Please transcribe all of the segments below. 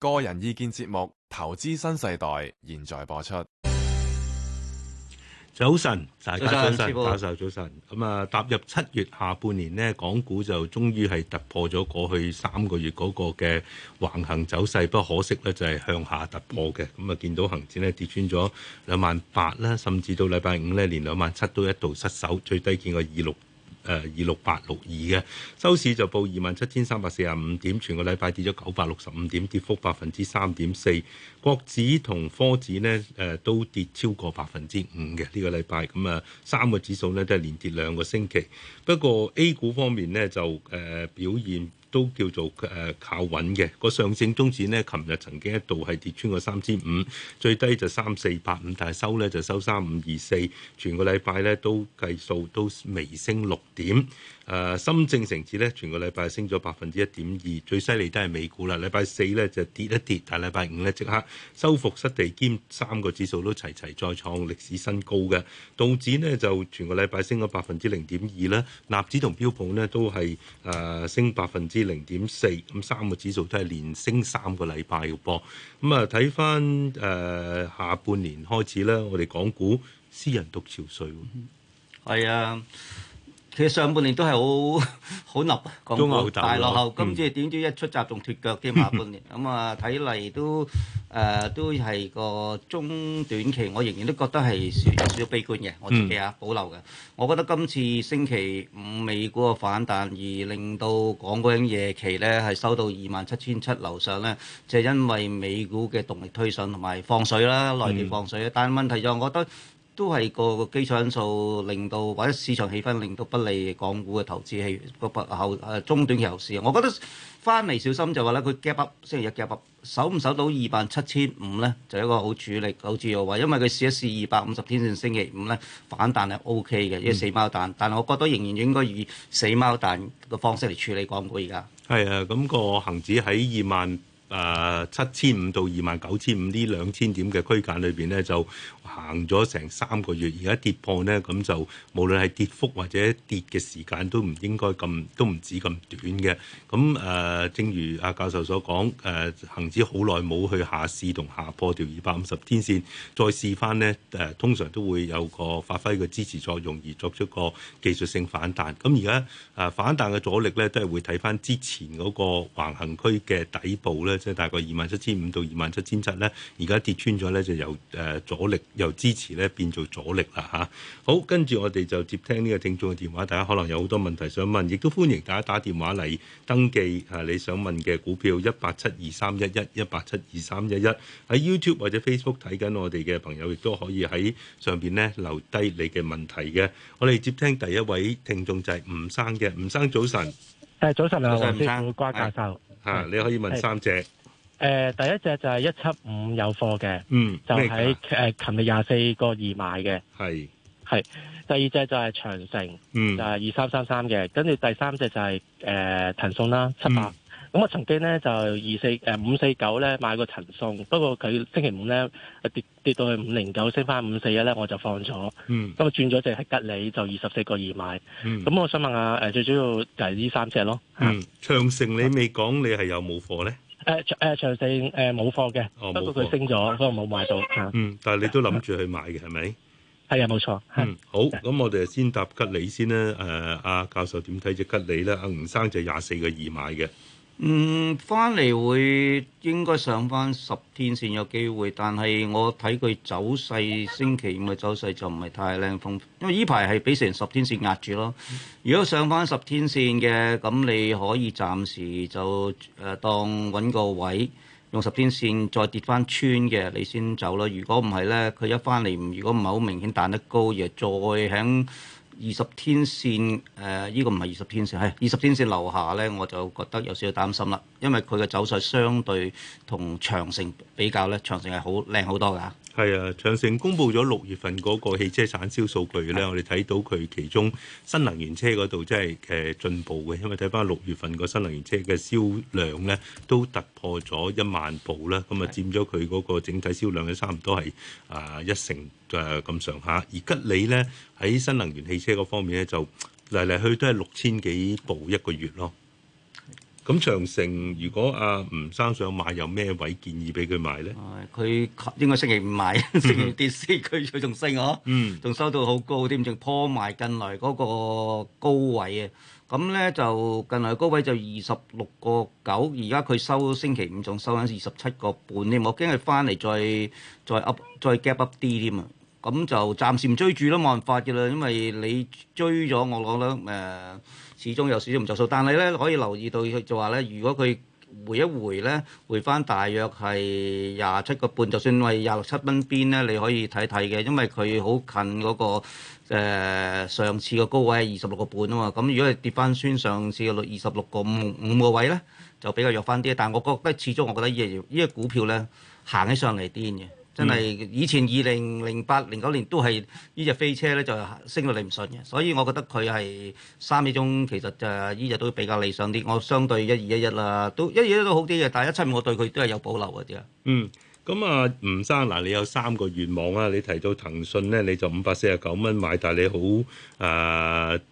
個人意見節目《投資新世代》，現在播出。早晨，大家早晨，早晨。咁啊，踏、嗯、入七月下半年咧，港股就終於係突破咗過去三個月嗰個嘅橫行走勢。不可惜咧，就係向下突破嘅。咁、嗯、啊，見、嗯、到恒指咧跌穿咗兩萬八啦，甚至到禮拜五咧，連兩萬七都一度失守，最低見過二六。誒二六八六二，嘅收市就報二萬七千三百四十五點，全個禮拜跌咗九百六十五點，跌幅百分之三點四。國指同科指呢誒、呃、都跌超過百分之五嘅。呢個禮拜，咁啊三個指數呢都係連跌兩個星期。不過 A 股方面呢就誒、呃、表現。都叫做誒靠穩嘅，個上證綜指呢琴日曾經一度係跌穿個三千五，最低就三四八五，但係收呢就收三五二四，全個禮拜呢都計數都微升六點。誒、uh, 深證成指咧，全個禮拜升咗百分之一點二，最犀利都係美股啦。禮拜四咧就跌一跌，但係禮拜五咧即刻收復失地，兼三個指數都齊齊再創歷史新高嘅道指呢，就全個禮拜升咗百分之零點二啦，納指同標普呢，都係誒、呃、升百分之零點四，咁三個指數都係連升三個禮拜嘅噃。咁啊睇翻誒下半年開始咧，我哋港股斯人獨憔悴喎，係啊。其實上半年都係好好凹，港股大落後。今次點知一出閘仲脫腳，跌埋半年。咁啊，睇、呃、嚟都誒都係個中短期，我仍然都覺得係少少悲觀嘅，我自己啊保留嘅。嗯、我覺得今次星期五美股嘅反彈，而令到港股嘅夜期咧係收到二萬七千七樓上咧，就係、因為美股嘅動力推進同埋放水啦，內地放水。嗯、但問題就我覺得。都係個個基礎因素，令到或者市場氣氛令到不利港股嘅投資氣個後，誒中短期後市。我覺得翻嚟小心就話咧，佢 gap 星期日 gap 守唔守到二萬七千五咧？就係、一個好主力。好似我話，因為佢試一試二百五十天線星期五咧反彈係 O K 嘅，即係死貓彈。嗯、但係我覺得仍然應該以死貓彈嘅方式嚟處理港股而家。係啊，咁、嗰個恒指喺二萬誒七千五到二萬九千五呢兩千點嘅區間裏邊咧就。行咗成三個月，而家跌破呢，咁就無論係跌幅或者跌嘅時間，都唔應該咁，都唔止咁短嘅。咁誒、呃，正如阿教授所講，誒、呃、恆指好耐冇去下試同下破掉二百五十天線，再試翻呢，誒、呃、通常都會有個發揮嘅支持作用，而作出個技術性反彈。咁而家誒反彈嘅阻力呢，都係會睇翻之前嗰個橫行區嘅底部呢，即、就、係、是、大概二萬七千五到二萬七千七呢，而家跌穿咗呢就有誒阻力。由支持咧變做阻力啦嚇！好，跟住我哋就接聽呢個聽眾嘅電話，大家可能有好多問題想問，亦都歡迎大家打電話嚟登記嚇，你想問嘅股票，一八七二三一一一八七二三一一，喺 YouTube 或者 Facebook 睇緊我哋嘅朋友，亦都可以喺上邊咧留低你嘅問題嘅。我哋接聽第一位聽眾就係吳生嘅，吳生早晨。誒，早晨啊，吳生晨，晨瓜教授嚇，你可以問三隻。誒，第一隻就係一七五有貨嘅，嗯，就喺誒麼、呃，琴日廿四個二買嘅，係係是。第二隻就係長城，嗯，就係二三三三嘅，跟住第三隻就係誒騰訊啦，七百。咁、嗯、我曾經咧就二四誒五四九咧買過騰訊，不過佢星期五咧跌跌到去五零九，升翻五四一咧我就放咗，嗯，咁啊轉咗隻係吉利，就二十四個二買，咁、嗯、我想問下誒、呃、最主要就係呢三隻咯，嗯，長城你未講你係有冇貨咧？嗯誒長誒長城冇貨嘅，不過佢升咗，所以冇買到嚇。嗯，但係你都諗住去買嘅係咪？係啊，冇錯。嗯，好，咁的我哋先答吉利先啦。誒、呃，阿教授點睇隻吉利咧？阿吳生就廿四個二買嘅。嗯，翻嚟會應該上翻十天線，有機會，但係我睇佢走勢，星期五嘅走勢就唔係太靚風，因為依排係俾成十天線壓住咯。如果上翻十天線嘅，咁你可以暫時就誒、呃、當揾個位，用十天線再跌翻穿嘅，你先走咯。如果唔係咧，佢一翻嚟，如果唔係好明顯彈得高，又再喺。二十天線，誒、呃、呢個唔係二十天線，係二十天線樓下咧，我就覺得有少少擔心啦，因為佢嘅走勢相對同長城比較咧，長城係好靚好多㗎。係啊，長城公布咗六月份嗰個汽車產銷數據咧，的我哋睇到佢其中新能源車嗰度即係誒進步嘅，因為睇翻六月份個新能源車嘅銷量咧都突破咗一萬部啦，咁啊的佔咗佢嗰個整體銷量嘅差唔多係啊一成誒咁上下。而吉利咧喺新能源汽車嗰方面咧就嚟嚟去都係六千幾部一個月咯。咁長城，如果阿、啊、吳生想買，有咩位建議俾佢買咧？佢、啊、應該星期五買，星期跌四區，佢仲 升，我、啊、仲 收到好高添，仲破埋近來嗰個高位啊！咁咧就近來高位就二十六個九，而家佢收星期五仲收緊二十七個半添，我驚佢翻嚟再再 up 再 gap up 啲添啊！咁就暫時唔追住都冇人法冇辦法嘅啦，因為你追咗，我攞得誒。始終有少少唔着數，但係咧可以留意到，就話咧，如果佢回一回咧，回翻大約係廿七個半，就算係廿六七蚊邊咧，你可以睇睇嘅，因為佢好近嗰、嗰個、呃、上次嘅高位係二十六個半啊嘛。咁如果係跌翻穿上次嘅二十六個五五個位咧，就比較弱翻啲。但係我覺得始終，我覺得呢、呢個依、呢個股票咧行起上嚟癲嘅。真係、嗯、以前二零零八零九年都係呢隻飛車咧，就升到你唔信嘅。所以我覺得佢係三二中，其實就係呢隻都比較理想啲。我相對一二一一啦，都一二一一都好啲嘅。但係一七五，我對佢都係有保留嘅啫。嗯。咁啊、嗯，吳生嗱，你有三個願望啊！你提到騰訊咧，你就五百四十九蚊買，但係你好、呃、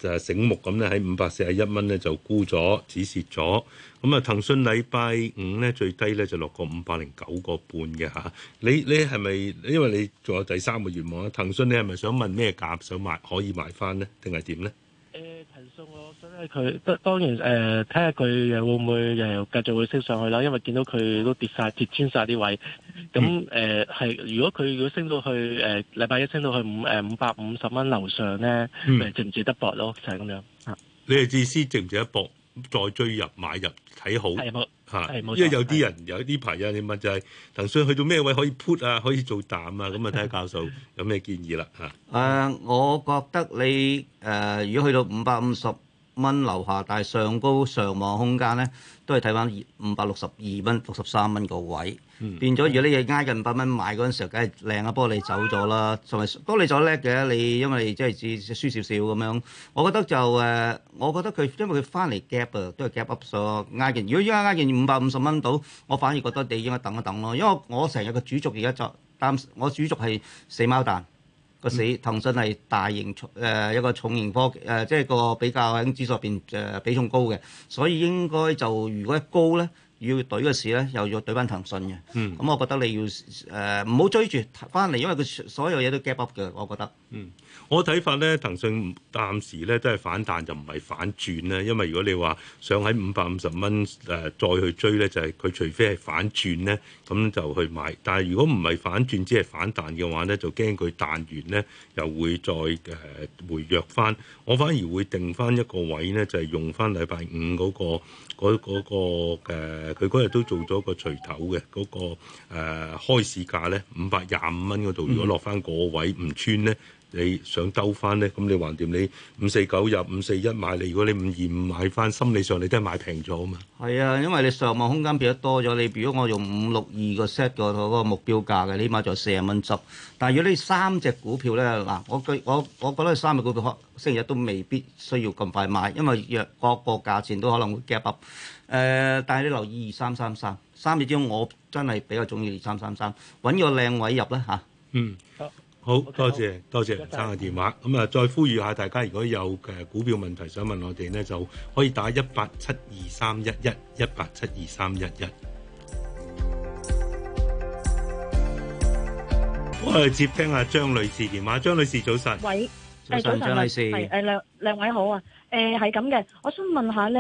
啊醒目咁咧，喺五百四十一蚊咧就沽咗，止蝕咗。咁、嗯、啊，騰訊禮拜五咧最低咧就落過五百零九個半嘅嚇。你你係咪，因為你仲有第三個願望啊？騰訊你係咪想問咩價想買可以買翻咧？定係點咧？佢，當當然，誒、呃，睇下佢又會唔會，誒，繼續會升上去啦。因為見到佢都跌晒，跌穿晒啲位，咁，誒、嗯，係、啊、如果佢如果升到去，誒、嗯，禮拜一升到去五，誒、yeah?，五百五十蚊樓上咧，值唔值得搏咯？就係咁樣。你哋自私，值唔值得搏？再追入買入睇好，係冇吓，係冇。Yes, 因為有啲人有啲朋友，91, 你問就係騰訊去到咩位可以 put 啊，可以做淡啊？咁啊，睇下教授有咩建議啦？吓，誒，我覺得你，誒，如果去到五百五十。蚊樓下，但係上高上望空間咧，都係睇翻五百六十二蚊、六十三蚊個位，嗯、變咗如果你嘢挨緊五百蚊買嗰陣時候，梗係靚啊！玻你走咗啦，同埋玻璃仲叻嘅，你因為即係只輸少少咁樣，我覺得就誒，我覺得佢因為佢翻嚟 gap 啊，都係 gap up 上所以挨緊。如果依家挨緊五百五十蚊到，我反而覺得你應該等一等咯，因為我成日個主軸而家就，擔我主軸係死貓彈。個市、嗯、騰訊係大型重、呃、一個重型科技誒、呃，即係個比較喺指數入邊誒比重高嘅，所以應該就如果高咧，要懟嘅時咧，又要懟翻騰訊嘅。咁、嗯嗯、我覺得你要誒唔好追住翻嚟，因為佢所有嘢都 gap up 嘅，我覺得。嗯我睇法咧，騰訊暫時咧都係反彈，就唔係反轉啦。因為如果你話想喺五百五十蚊誒再去追咧，就係、是、佢除非係反轉咧，咁就去買。但係如果唔係反轉，只係反彈嘅話咧，就驚佢彈完咧又會再誒、呃、回弱翻。我反而會定翻一個位咧，就係、是、用翻禮拜五嗰、那個嗰佢嗰日都做咗個錘頭嘅嗰個誒、呃、開市價咧五百廿五蚊嗰度，如果落翻嗰位唔穿咧。你想兜翻咧？咁你橫掂你五四九入五四一買，你如果你五二五買翻，心理上你都係買平咗啊嘛。係啊，因為你上網空間變得多咗。你如果我用五六二個 set 個嗰個目標價嘅，起碼仲有四十蚊執。但係如果你三隻股票咧，嗱，我我我覺得三隻股票星期日都未必需要咁快買，因為若個個價錢都可能會 gap up。誒、呃，但係你留意二三三三，三隻之中我真係比較中意二三三三，揾個靚位入啦嚇。嗯，好多謝，多謝吳生嘅電話。咁啊，再呼籲下大家，如果有誒股票問題想問我哋咧，就可以打一八七二三一一一八七二三一一。我哋接聽下張女士電話。張女士早晨，喂，早晨，張女士，誒兩兩位好啊。誒係咁嘅，我想問下咧，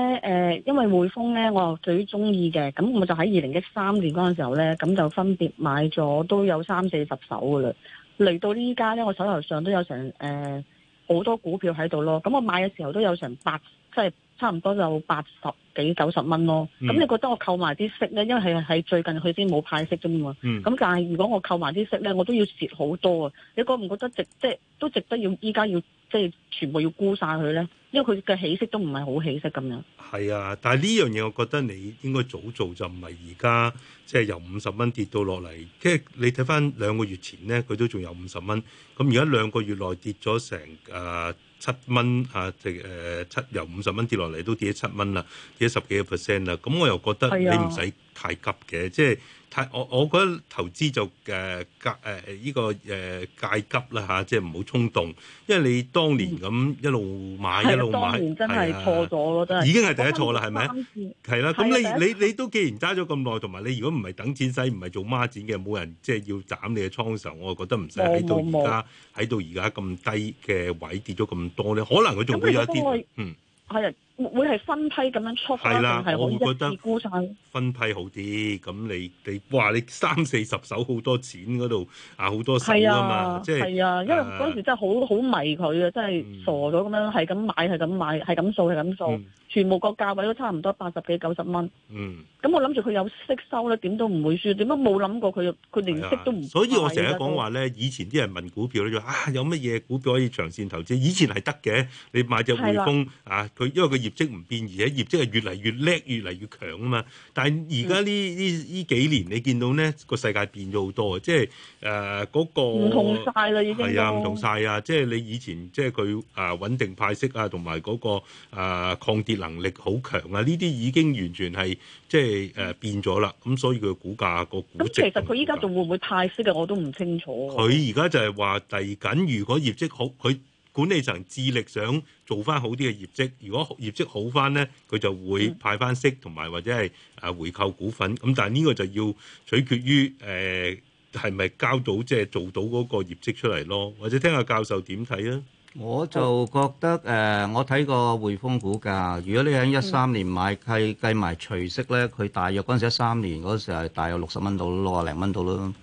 誒因為匯豐咧，我最中意嘅，咁我就喺二零一三年嗰陣時候咧，咁就分別買咗都有三四十手嘅嘞。嚟到呢家呢，我手頭上都有成誒好、呃、多股票喺度咯。咁、嗯、我買嘅時候都有成八，即係差唔多有八十幾九十蚊咯。咁、嗯、你覺得我扣埋啲息呢？因為係係最近佢先冇派息啫嘛。咁、嗯、但係如果我扣埋啲息呢，我都要蝕好多啊！你覺唔覺得值？即係都值得要依家要即係全部要沽晒佢呢？因為佢嘅起色都唔係好起色咁樣。係啊，但係呢樣嘢，我覺得你應該早做就唔係而家，即係由五十蚊跌到落嚟，即係你睇翻兩個月前咧，佢都仲有五十蚊，咁而家兩個月內跌咗成誒。啊七蚊啊！即誒七由五十蚊跌落嚟都跌咗七蚊啦，跌咗十幾 percent 啦。咁我又覺得你唔使太急嘅，即係太我我覺得投資就誒介誒依個誒戒急啦嚇，即係唔好衝動。因為你當年咁一路買一路買，當年真係錯咗已經係第一錯啦，係咪？係啦，咁你你你都既然揸咗咁耐，同埋你如果唔係等錢使，唔係做孖展嘅，冇人即係要斬你嘅倉嘅時候，我覺得唔使喺到而家喺到而家咁低嘅位跌咗咁多咧，可能佢仲會有一啲，嗯，係啊。會會係分批咁樣出啦，係，我覺得估曬。分批好啲，咁你你話你三四十手好多錢嗰度啊，好多手吖嘛，因為嗰陣時真係好好迷佢啊，真係傻咗咁樣，係咁買係咁買係咁掃係咁掃，全部個價位都差唔多八十幾九十蚊。嗯，咁我諗住佢有息收咧，點都唔會輸。點解冇諗過佢佢連息都唔？所以我成日講話咧，以前啲人問股票咧就啊，有乜嘢股票可以長線投資？以前係得嘅，你買隻匯豐啊，佢因為佢。業績唔變，而且業績係越嚟越叻、越嚟越強啊嘛！但係而家呢呢呢幾年，嗯、你見到咧個世界變咗好多啊！即係誒嗰個唔同晒啦，已經係啊唔同晒啊！即係你以前即係佢誒穩定派息啊，同埋嗰個誒、抗跌能力好強啊！呢啲已經完全係即係誒變咗啦！咁、嗯、所以佢股價個咁其實佢依家仲會唔會派息嘅、啊？我都唔清楚、啊。佢而家就係話嚟緊，如果業績好，佢管理層致力想做翻好啲嘅業績，如果業績好翻咧，佢就會派翻息同埋或者係誒回購股份。咁但係呢個就要取決於誒係咪交到即係、就是、做到嗰個業績出嚟咯，或者聽下教授點睇啊？我就覺得誒、呃，我睇過匯豐股價，如果你喺一三年買，計計埋除息咧，佢大約嗰陣時一三年嗰時係大約六十蚊到六啊零蚊到咯。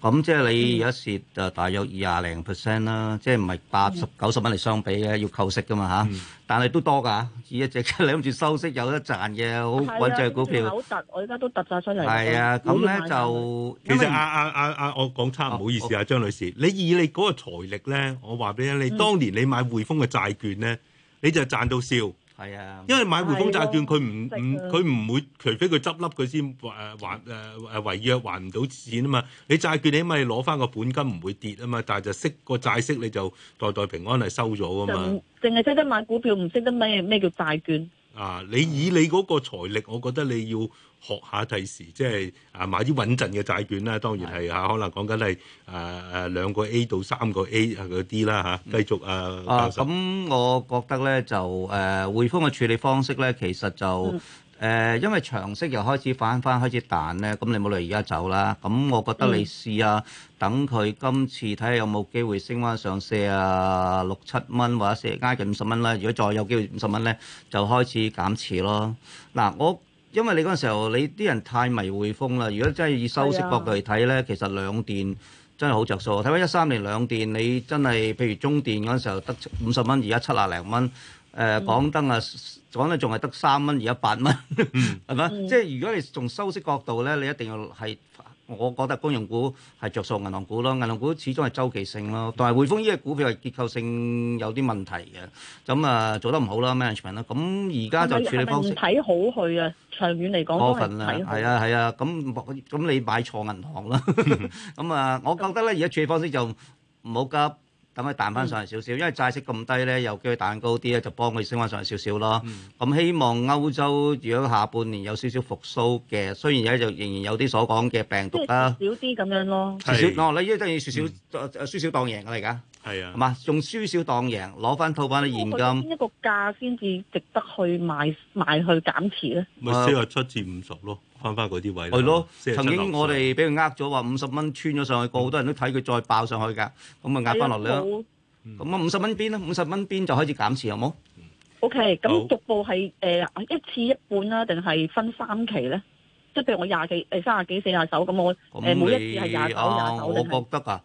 咁、嗯、即係你有一蝕誒大約二廿零 percent 啦，即係唔係八十九十蚊嚟相比嘅，要扣息噶嘛嚇。啊嗯、但係都多㗎，依一隻你諗住收息有得賺嘅好穩陣股票。好突我而家都突晒出嚟。係啊，咁咧就為其實阿阿阿阿，我講差唔好意思啊，啊張女士，你以你嗰個財力咧，我話俾你聽，你、嗯、當年你買匯豐嘅債券咧，你就賺到笑。係啊，因為買匯豐債券佢唔唔佢唔會，除非佢執笠佢先誒還誒誒違約還唔到錢啊嘛。你債券你咪攞翻個本金唔會跌啊嘛，但係就息個債息你就代代平安係收咗噶嘛。就淨係識得買股票，唔識得咩咩叫債券。啊！你以你嗰個財力，我覺得你要學下第時，即係啊買啲穩陣嘅債券啦。當然係嚇、啊，可能講緊係誒誒兩個 A 到三個 A 嗰啲啦嚇，繼續啊。啊！咁我覺得咧就誒匯豐嘅處理方式咧，其實就。嗯誒、呃，因為長息又開始反翻，翻，開始彈咧，咁、嗯、你冇理由而家走啦。咁、嗯、我覺得你試下，等佢今次睇下有冇機會升翻上四啊六七蚊或者四挨近五十蚊啦。如果再有機會五十蚊咧，就開始減持咯。嗱、啊，我因為你嗰陣時候你啲人太迷匯豐啦。如果真係以收息角度嚟睇咧，呀其實兩電真係好着數。睇翻一三年兩電，你真係譬如中電嗰陣時候得五十蚊，而家七啊零蚊。誒、嗯、講得啊，講得仲係得三蚊，而家八蚊，係咪？即係如果你從收息角度咧，你一定要係，我覺得公用股係着數，銀行股咯，銀行股始終係周期性咯，但係匯豐呢個股票係結構性有啲問題嘅，咁啊做得唔好啦，management。咁而家就處理方式睇好佢啊，長遠嚟講多分啦！係啊係啊，咁咁、啊啊、你買錯銀行啦，咁啊、嗯， 我覺得咧而家處理方式就唔好急。可以彈翻上少少，因為債息咁低呢，又叫佢彈高啲咧，就幫佢升翻上少少咯。咁、嗯、希望歐洲如果下半年有少少復甦嘅，雖然而家就仍然有啲所講嘅病毒啦，少啲咁樣咯，少你而家要係少少，輸少當贏㗎啦而係啊，嘛用輸少當贏，攞翻套翻啲現金。一個價先至值得去賣賣去減持咧。咪四十七至五十咯，翻翻嗰啲位。係咯，47 曾經我哋俾佢呃咗話五十蚊穿咗上去，個好多人都睇佢再爆上去噶，咁啊壓翻落嚟咯。咁啊五十蚊邊咧？五十蚊邊就開始減持好冇？OK，咁局部係誒一次一半啦，定係分三期咧？即係譬如我廿幾誒卅幾四廿手咁我誒每一次係廿九廿我覺得啊。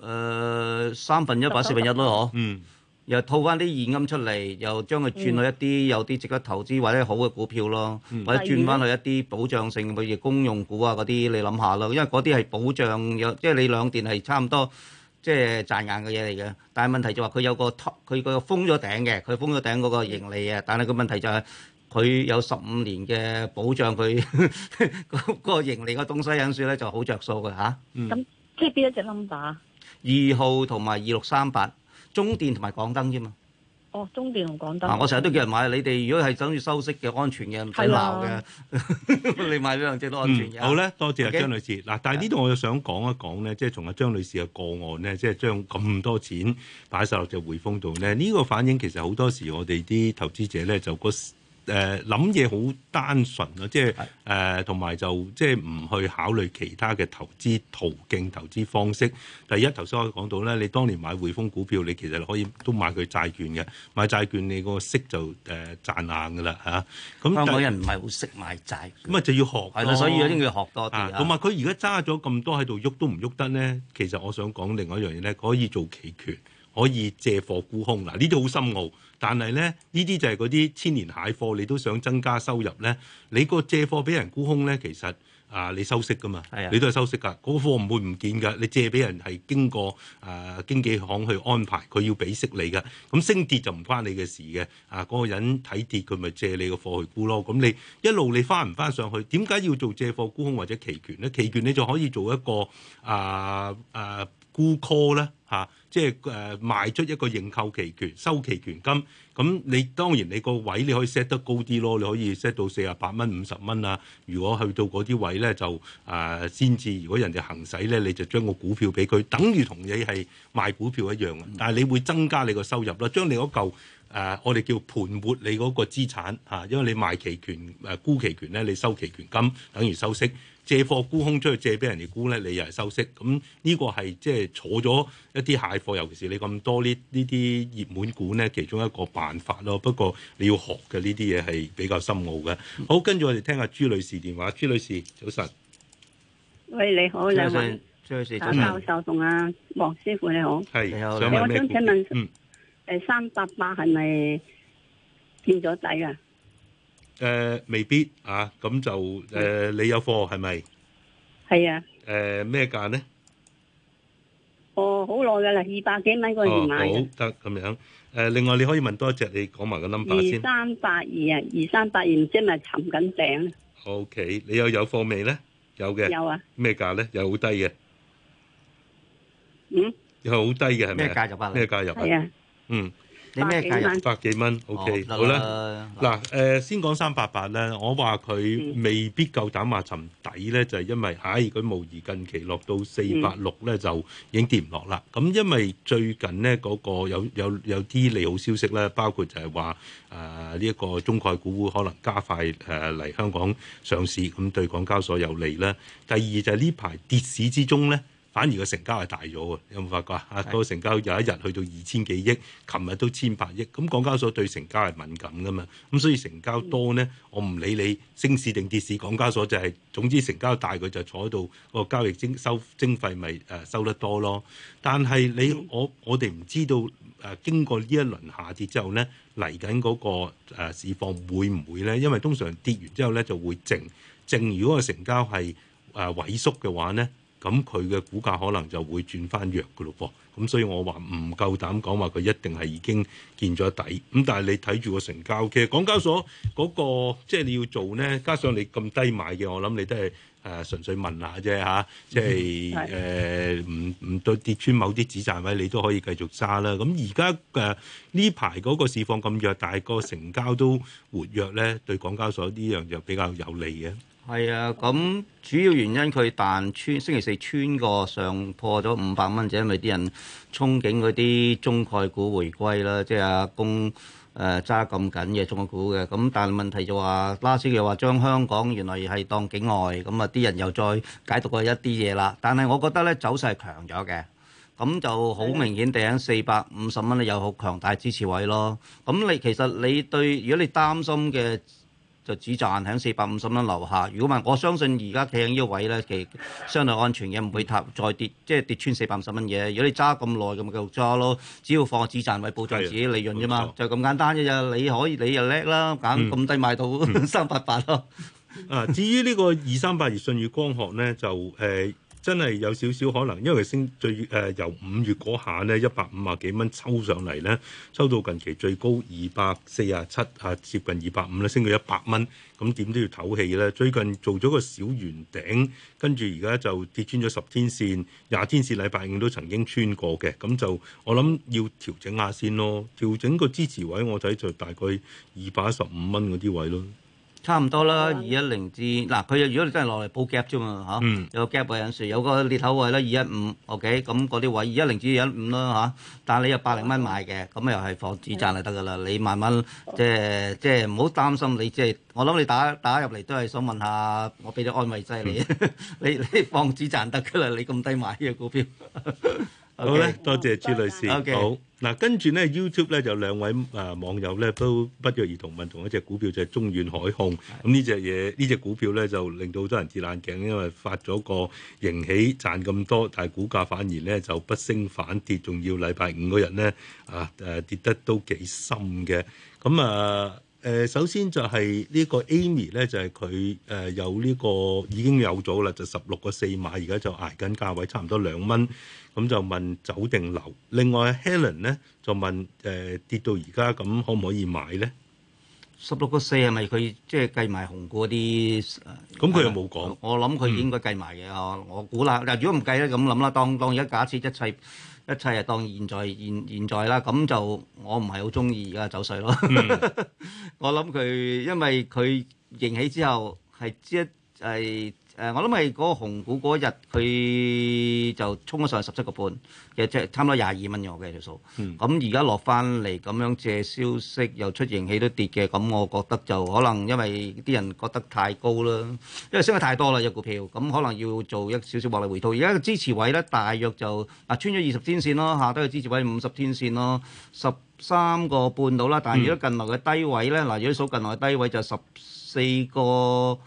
誒、呃、三分一把四分一咯，嗬。嗯。又套翻啲現金出嚟，又將佢轉去一啲有啲值得投資或者好嘅股票咯，嗯、或者轉翻去一啲保障性，譬如公用股啊嗰啲，你諗下咯。因為嗰啲係保障，有即係你兩電係差唔多，即係賺硬嘅嘢嚟嘅。但係問，問題就話佢有個，佢個封咗頂嘅，佢封咗頂嗰個盈利啊。但係、嗯、個問題就係佢有十五年嘅保障，佢個盈利個東西因素咧就好着數嘅吓？咁即係邊一隻 number 二號同埋二六三八，中電同埋港燈啫嘛。哦，中電同港燈。啊，我成日都叫人買，你哋如果係想要收息嘅、安全嘅、唔使鬧嘅，的 你買呢兩隻都安全嘅、嗯。好咧，多謝 Okay? 張女士。嗱，但係呢度我又想講一講咧，即係從阿張女士嘅個案咧，即係將咁多錢擺晒落隻匯豐度咧，呢個反映其實好多時我哋啲投資者咧就個誒諗嘢好單純啊，即係誒同埋就即係唔去考慮其他嘅投資途徑、投資方式。第一頭先我講到咧，你當年買匯豐股票，你其實可以都買佢債券嘅，買債券你個息就誒賺硬㗎啦嚇。咁、啊、香港人唔係好識買債券，咁啊就要學咯、啊。係啦，所以一定要學多啲啦。同埋佢而家揸咗咁多喺度喐都唔喐得咧，其實我想講另外一樣嘢咧，可以做期權。可以借貨沽空嗱，呢啲好深奧。但係咧，呢啲就係嗰啲千年蟹貨，你都想增加收入咧？你個借貨俾人沽空咧，其實啊，你收息噶嘛，係啊，你都係收息噶。嗰個貨唔會唔見噶，你借俾人係經過啊經紀行去安排，佢要俾息你噶。咁升跌就唔關你嘅事嘅。啊，嗰個人睇跌，佢咪借你個貨去沽咯。咁你一路你翻唔翻上去？點解要做借貨沽空或者期權咧？期權你就可以做一個啊啊啊沽 call 咧、啊、嚇。啊啊即係誒、啊、賣出一個認購期權，收期權金。咁你當然你個位你可以 set 得高啲咯，你可以 set 到四十八蚊、五十蚊啊。如果去到嗰啲位咧，就誒、啊、先至。如果人哋行使咧，你就將個股票俾佢，等於同你係賣股票一樣。但係你會增加你個收入啦，將你嗰嚿、啊、我哋叫盤活你嗰個資產、啊、因為你賣期權誒、呃、沽期權咧，你收期權金，等於收息。借貨沽空出去借俾人哋沽咧，你又係收息。咁呢個係即係坐咗一啲蟹貨，尤其是你咁多呢呢啲熱門股咧，其中一個辦法咯。不過你要學嘅呢啲嘢係比較深奧嘅。好，跟住我哋聽下朱女士電話。朱女士，早晨。喂，你好，你好，朱女士，陳教授同阿黃師傅你好。係。你好，是你好想問咩？嗯。誒，三八八係咪跌咗底啊？誒，未必啊，咁就誒，你有貨係咪？係啊。誒，咩價咧？哦，好耐噶啦，二百幾蚊嗰陣買嘅。哦，好得咁樣。誒，另外你可以問多一隻，你講埋個 number 先。二三八二啊，二三八二，即係咪沉緊頂啊？OK，你又有貨未咧？有嘅。有啊。咩價咧？又好低嘅。嗯。又好低嘅係咪？咩價入翻嚟？咩價入？係啊。嗯。百幾蚊，百幾蚊，OK，好啦。嗱，誒，先講三八八咧。我話佢未必夠膽話沉底咧，嗯、就係因為，假如佢無疑近期落到四百六咧，就已經跌唔落啦。咁因為最近咧，嗰個有有有啲利好消息咧，包括就係話誒呢一個中概股會可能加快誒嚟香港上市，咁對港交所有利啦。第二就係呢排跌市之中咧。反而個成交係大咗嘅，有冇發覺的啊？個成交有一日去到二千幾億，琴日都千八億。咁港交所對成交係敏感噶嘛？咁所以成交多咧，我唔理你升市定跌市，港交所就係、是、總之成交大，佢就坐喺度、個交易徵收徵費咪誒、呃、收得多咯。但係你我我哋唔知道誒、呃、經過呢一輪下跌之後咧嚟緊嗰個、呃、市況會唔會咧？因為通常跌完之後咧就會靜靜，如果個成交係誒萎縮嘅話咧，咁佢嘅股價可能就會轉翻弱嘅咯噃，咁所以我話唔夠膽講話佢一定係已經見咗底。咁但係你睇住個成交，其實港交所嗰、那個即係、就是、你要做咧，加上你咁低買嘅，我諗你都係誒、呃、純粹問下啫嚇，即係誒唔唔到跌穿某啲支持位，你都可以繼續揸啦。咁而家誒呢排嗰個市況咁弱，但係個成交都活躍咧，對港交所呢樣就比較有利嘅。係啊，咁主要原因佢但穿星期四穿過上破咗五百蚊，就因為啲人憧憬嗰啲中概股回歸啦，即係阿公誒揸咁緊嘅中概股嘅。咁但係問題就話拉斯又話將香港原來係當境外，咁啊啲人又再解讀過一啲嘢啦。但係我覺得咧走勢係強咗嘅，咁就好明顯頂四百五十蚊咧有好強大支持位咯。咁你其實你對如果你擔心嘅，就止賺喺四百五十蚊樓下。如果問，我相信而家企喺呢個位咧，其實相對安全嘅，唔會踏再跌，即係跌穿四百五十蚊嘢。如果你揸咁耐，咁咪繼續揸咯。只要放個止賺位，保住自己利潤啫嘛，的就咁簡單啫。嗯、你可以，你又叻啦，減咁、嗯、低賣到三八八咯。啊，至於呢個二三八二舜宇光學咧，就誒。欸真係有少少可能，因為升最誒、呃、由五月嗰下咧一百五啊幾蚊抽上嚟咧，抽到近期最高二百四啊七啊，接近二百五咧，升到一百蚊，咁點都要唞氣咧。最近做咗個小圓頂，跟住而家就跌穿咗十天線、廿天線，禮拜五都曾經穿過嘅，咁就我諗要調整下先咯。調整個支持位，我睇就大概二百一十五蚊嗰啲位咯。差唔多啦，二一零至嗱，佢如果你真係落嚟補 gap 啫嘛嚇，有 gap 嘅人士，有個裂口位啦，二一五，OK，咁嗰啲位二一零至二一五啦嚇，但係你又百零蚊買嘅，咁又係放主賺就得㗎喇，是你慢慢即係即係唔好擔心，你即係我諗你打打入嚟都係想問下，我俾啲安慰劑你，嗯、 你你放主賺得㗎喇，你咁低買呢個股票。 Okay. 好咧，多謝朱女士。Okay. 好嗱，跟住咧 YouTube 咧就兩位誒、呃、網友咧都不約而同問同一隻股票，就係、是、中遠海控。咁呢的、嗯、隻嘢呢隻股票咧就令到好多人跌眼鏡，因為發咗個盈喜賺咁多，但係股價反而咧就不升反跌，仲要禮拜五嗰日咧啊誒跌得都幾深嘅。咁、嗯、啊～誒、呃，首先就係呢個 Amy 咧，就係佢誒有呢個已經有咗啦，就十六個四買，而家就捱緊價位，差唔多兩蚊，咁就問走定留。另外 Helen 咧就問誒、呃、跌到而家咁可唔可以買咧？十六個四係咪佢即係計埋紅股嗰啲？咁佢、嗯啊、又冇講。我諗佢應該計埋嘅啊，我估啦。嗱、嗯，如果唔計咧，咁諗啦，當當而家假設一切。一切就當現在現現在啦，咁就我唔係好鍾意而家走水咯。嗯、 我諗佢因為佢認起之後係即係。誒，我諗係嗰個紅股嗰日佢就衝咗上去十七個半，嘅即係差唔多廿二蚊嘅我嘅條數。咁而家落翻嚟咁樣，借消息又出陽氣都跌嘅。咁我覺得就可能因為啲人覺得太高啦，因為升得太多啦隻股票。咁可能要做一少少獲利回吐。而家個支持位咧，大約就啊、呃、穿咗二十天線咯，下低嘅支持位五十天線咯，十三個半到啦。但係如果近來嘅低位咧，嗱、嗯、如果數近來嘅低位就十四個。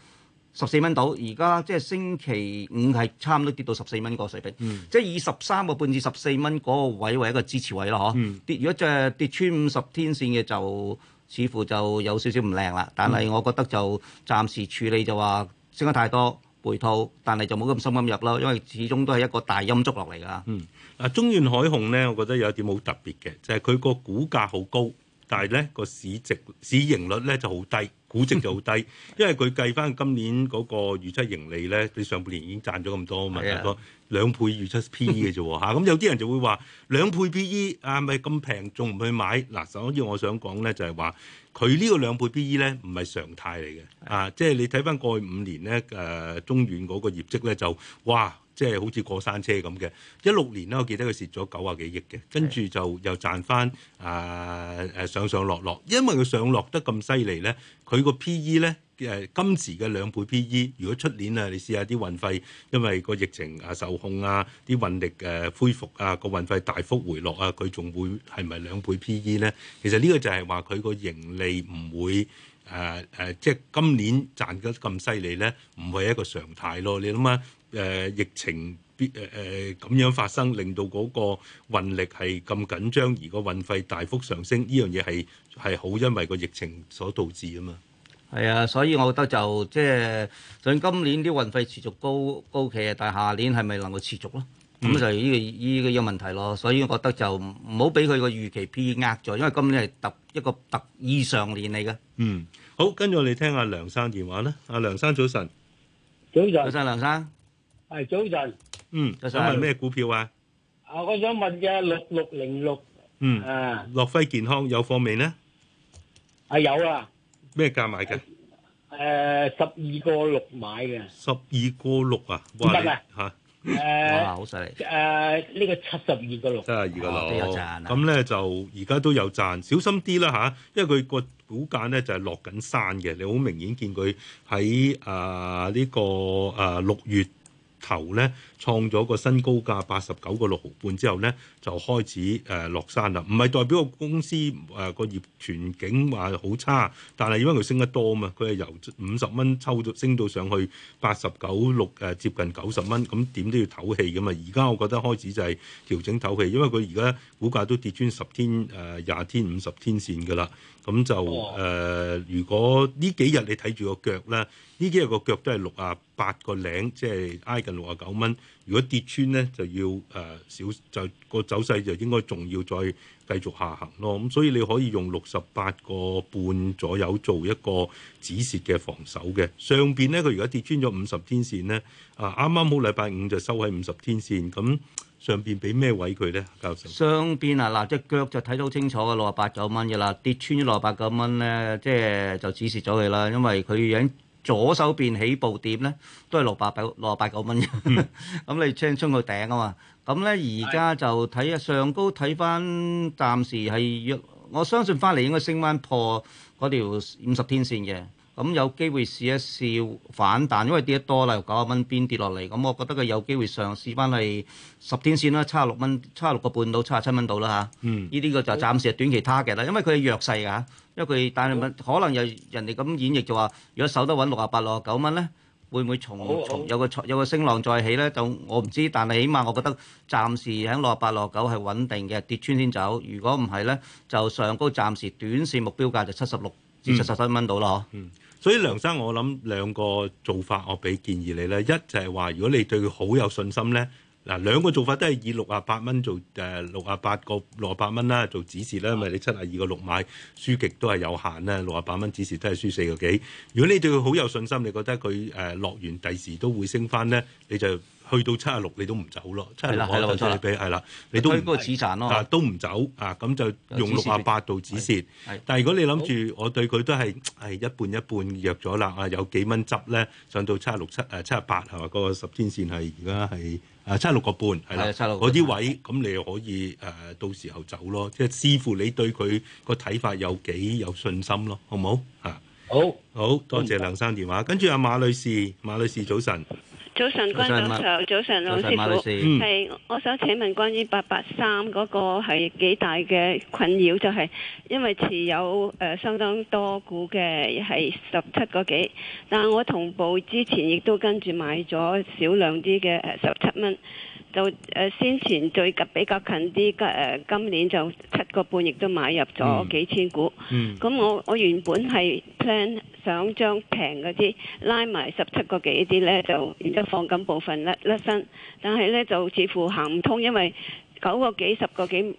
十四蚊到，而家即係星期五係差唔多跌到十四蚊嗰水平，嗯、即係以十三個半至十四蚊嗰個位為一個支持位咯，嗬、嗯。跌如果即係跌穿五十天線嘅，就似乎就有少少唔靚啦。但係我覺得就暫時處理就話升得太多，回吐，但係就冇咁深咁入啦，因為始終都係一個大陰燭落嚟㗎。嗯，嗱，中遠海控咧，我覺得有一點好特別嘅，就係佢個股價好高，但係咧個市值市盈率咧就好低。估值就好低，因為佢計翻今年嗰個預測盈利咧，你上半年已經賺咗咁多啊嘛，大概兩倍預測 P E 嘅啫嚇。咁有啲人就會話兩倍 P E 啊，咪咁平仲唔去買？嗱，首先我想講咧就係話佢呢個兩倍 P E 咧唔係常態嚟嘅啊，即係你睇翻過去五年咧誒中遠嗰個業績咧就哇。即係好似過山車咁嘅。一六年咧，我記得佢蝕咗九啊幾億嘅，跟住就又賺翻誒誒上上落落。因為佢上落得咁犀利咧，佢個 P E 咧、呃、誒今時嘅兩倍 P E。如果出年啊，你試下啲運費，因為個疫情啊受控啊，啲運力誒恢復啊，個運費大幅回落啊，佢仲會係咪兩倍 P E 咧？其實呢個就係話佢個盈利唔會誒誒、呃，即係今年賺得咁犀利咧，唔係一個常態咯。你諗下。誒、呃、疫情必誒誒咁樣發生，令到嗰個運力係咁緊張，而個運費大幅上升，呢樣嘢係係好因為個疫情所導致啊嘛。係啊，所以我覺得就即係，所以今年啲運費持續高高企，但係下年係咪能夠持續咧？咁就呢、這個呢、嗯這個一、這個問題咯。所以我覺得就唔好俾佢個預期偏壓咗，因為今年係特一個特異上年嚟嘅。嗯，好，跟住我哋聽下梁生電話啦。阿梁生早晨，早，晨早晨，早晨。梁生。係早晨，嗯，我想問咩股票啊？啊，我想問嘅六六零六，嗯，諾輝健康有貨未咧？啊，有啦。咩價買嘅？誒，十二個六買嘅。十二個六啊，哇，好犀利吓！誒，好犀利。誒，呢個七十二個六，七十二個六都有賺。咁咧就而家都有賺，小心啲啦吓，因為佢個股價咧就係落緊山嘅，你好明顯見佢喺啊呢個啊六月。頭咧創咗個新高價八十九個六毫半之後咧，就開始誒、呃、落山啦。唔係代表個公司誒、呃、個業前景話好差，但係因為佢升得多啊嘛，佢係由五十蚊抽咗升到上去八十九六誒，接近九十蚊，咁點都要唞氣噶嘛。而家我覺得開始就係調整唞氣，因為佢而家股價都跌穿十天誒廿、呃、天五十天線噶啦，咁就誒、呃、如果幾呢幾日你睇住個腳咧。呢幾日個腳都係六啊八個零，即係挨近六啊九蚊。如果跌穿咧，就要誒少、呃、就個走勢就應該仲要再繼續下行咯。咁所以你可以用六十八個半左右做一個止蝕嘅防守嘅。上邊咧佢而家跌穿咗五十天線咧，啊啱啱好禮拜五就收喺五十天線。咁上邊俾咩位佢咧，教授？上邊啊嗱，隻腳就睇到清楚嘅六啊八九蚊嘅啦。跌穿咗六啊八九蚊咧，即係就止蝕咗佢啦，因為佢已左手邊起步點咧，都係六百九六啊九蚊，咁、mm. 你衝衝個頂啊嘛，咁咧而家就睇啊上高睇翻，暫時係約，我相信翻嚟應該升翻破嗰條五十天線嘅。咁有機會試一試反彈，因為跌得多啦，九啊蚊邊跌落嚟，咁我覺得佢有機會嘗試翻係十天線啦，七十六蚊，七十六個半到七十七蚊到啦嚇。嗯，呢啲個就暫時係短期他嘅啦，因為佢係弱勢㗎，因為佢但係、嗯、可能有人哋咁演繹就話，如果守得穩六啊八、六啊九蚊咧，會唔會重重好有個有個升浪再起咧？就我唔知，但係起碼我覺得暫時喺六啊八、六啊九係穩定嘅，跌穿先走。如果唔係咧，就上高暫時短線目標價就七十六。二十七蚊到咯，嗯，所以梁生，我諗兩個做法，我俾建議你咧，一就係話，如果你對佢好有信心咧，嗱兩個做法都係以六啊八蚊做誒六啊八個六啊八蚊啦，做指示啦，因為你七啊二個六買輸極都係有限咧，六啊八蚊指示都係輸四個幾。如果你對佢好有信心，你覺得佢誒、呃、落完第時都會升翻咧，你就。去到七十六，你都唔走咯。七十六，我同你比，係啦，你、啊、都嗰個止賺咯。啊，都唔走啊，咁就用六啊八度止蝕。但係如果你諗住，我對佢都係係、嗯、一半一半約咗啦。啊，有幾蚊執咧？上到七十六七啊七啊八，係、那、話個十天線係而家係啊七十六個半，係啦，七嗰啲位咁你可以誒、啊、到時候走咯。即係視乎你對佢個睇法有幾有信心咯，好唔好啊？好，好多好謝，謝梁生電話。跟住阿馬女士，馬女士早晨。早晨關教授，早晨老師傅，係我想請問關於八八三嗰個係幾大嘅困擾，就是，就係因為持有誒、呃、相當多股嘅係十七個幾，但係我同步之前亦都跟住買咗少量啲嘅誒十七蚊。就誒、呃、先前最近比較近啲，誒、呃、今年就七個半亦都買入咗幾千股。咁、嗯嗯、我我原本係 plan 想將平嗰啲拉埋十七個幾啲咧，就然之後放緊部分甩甩身，但係咧就似乎行唔通，因為。九個幾十個幾，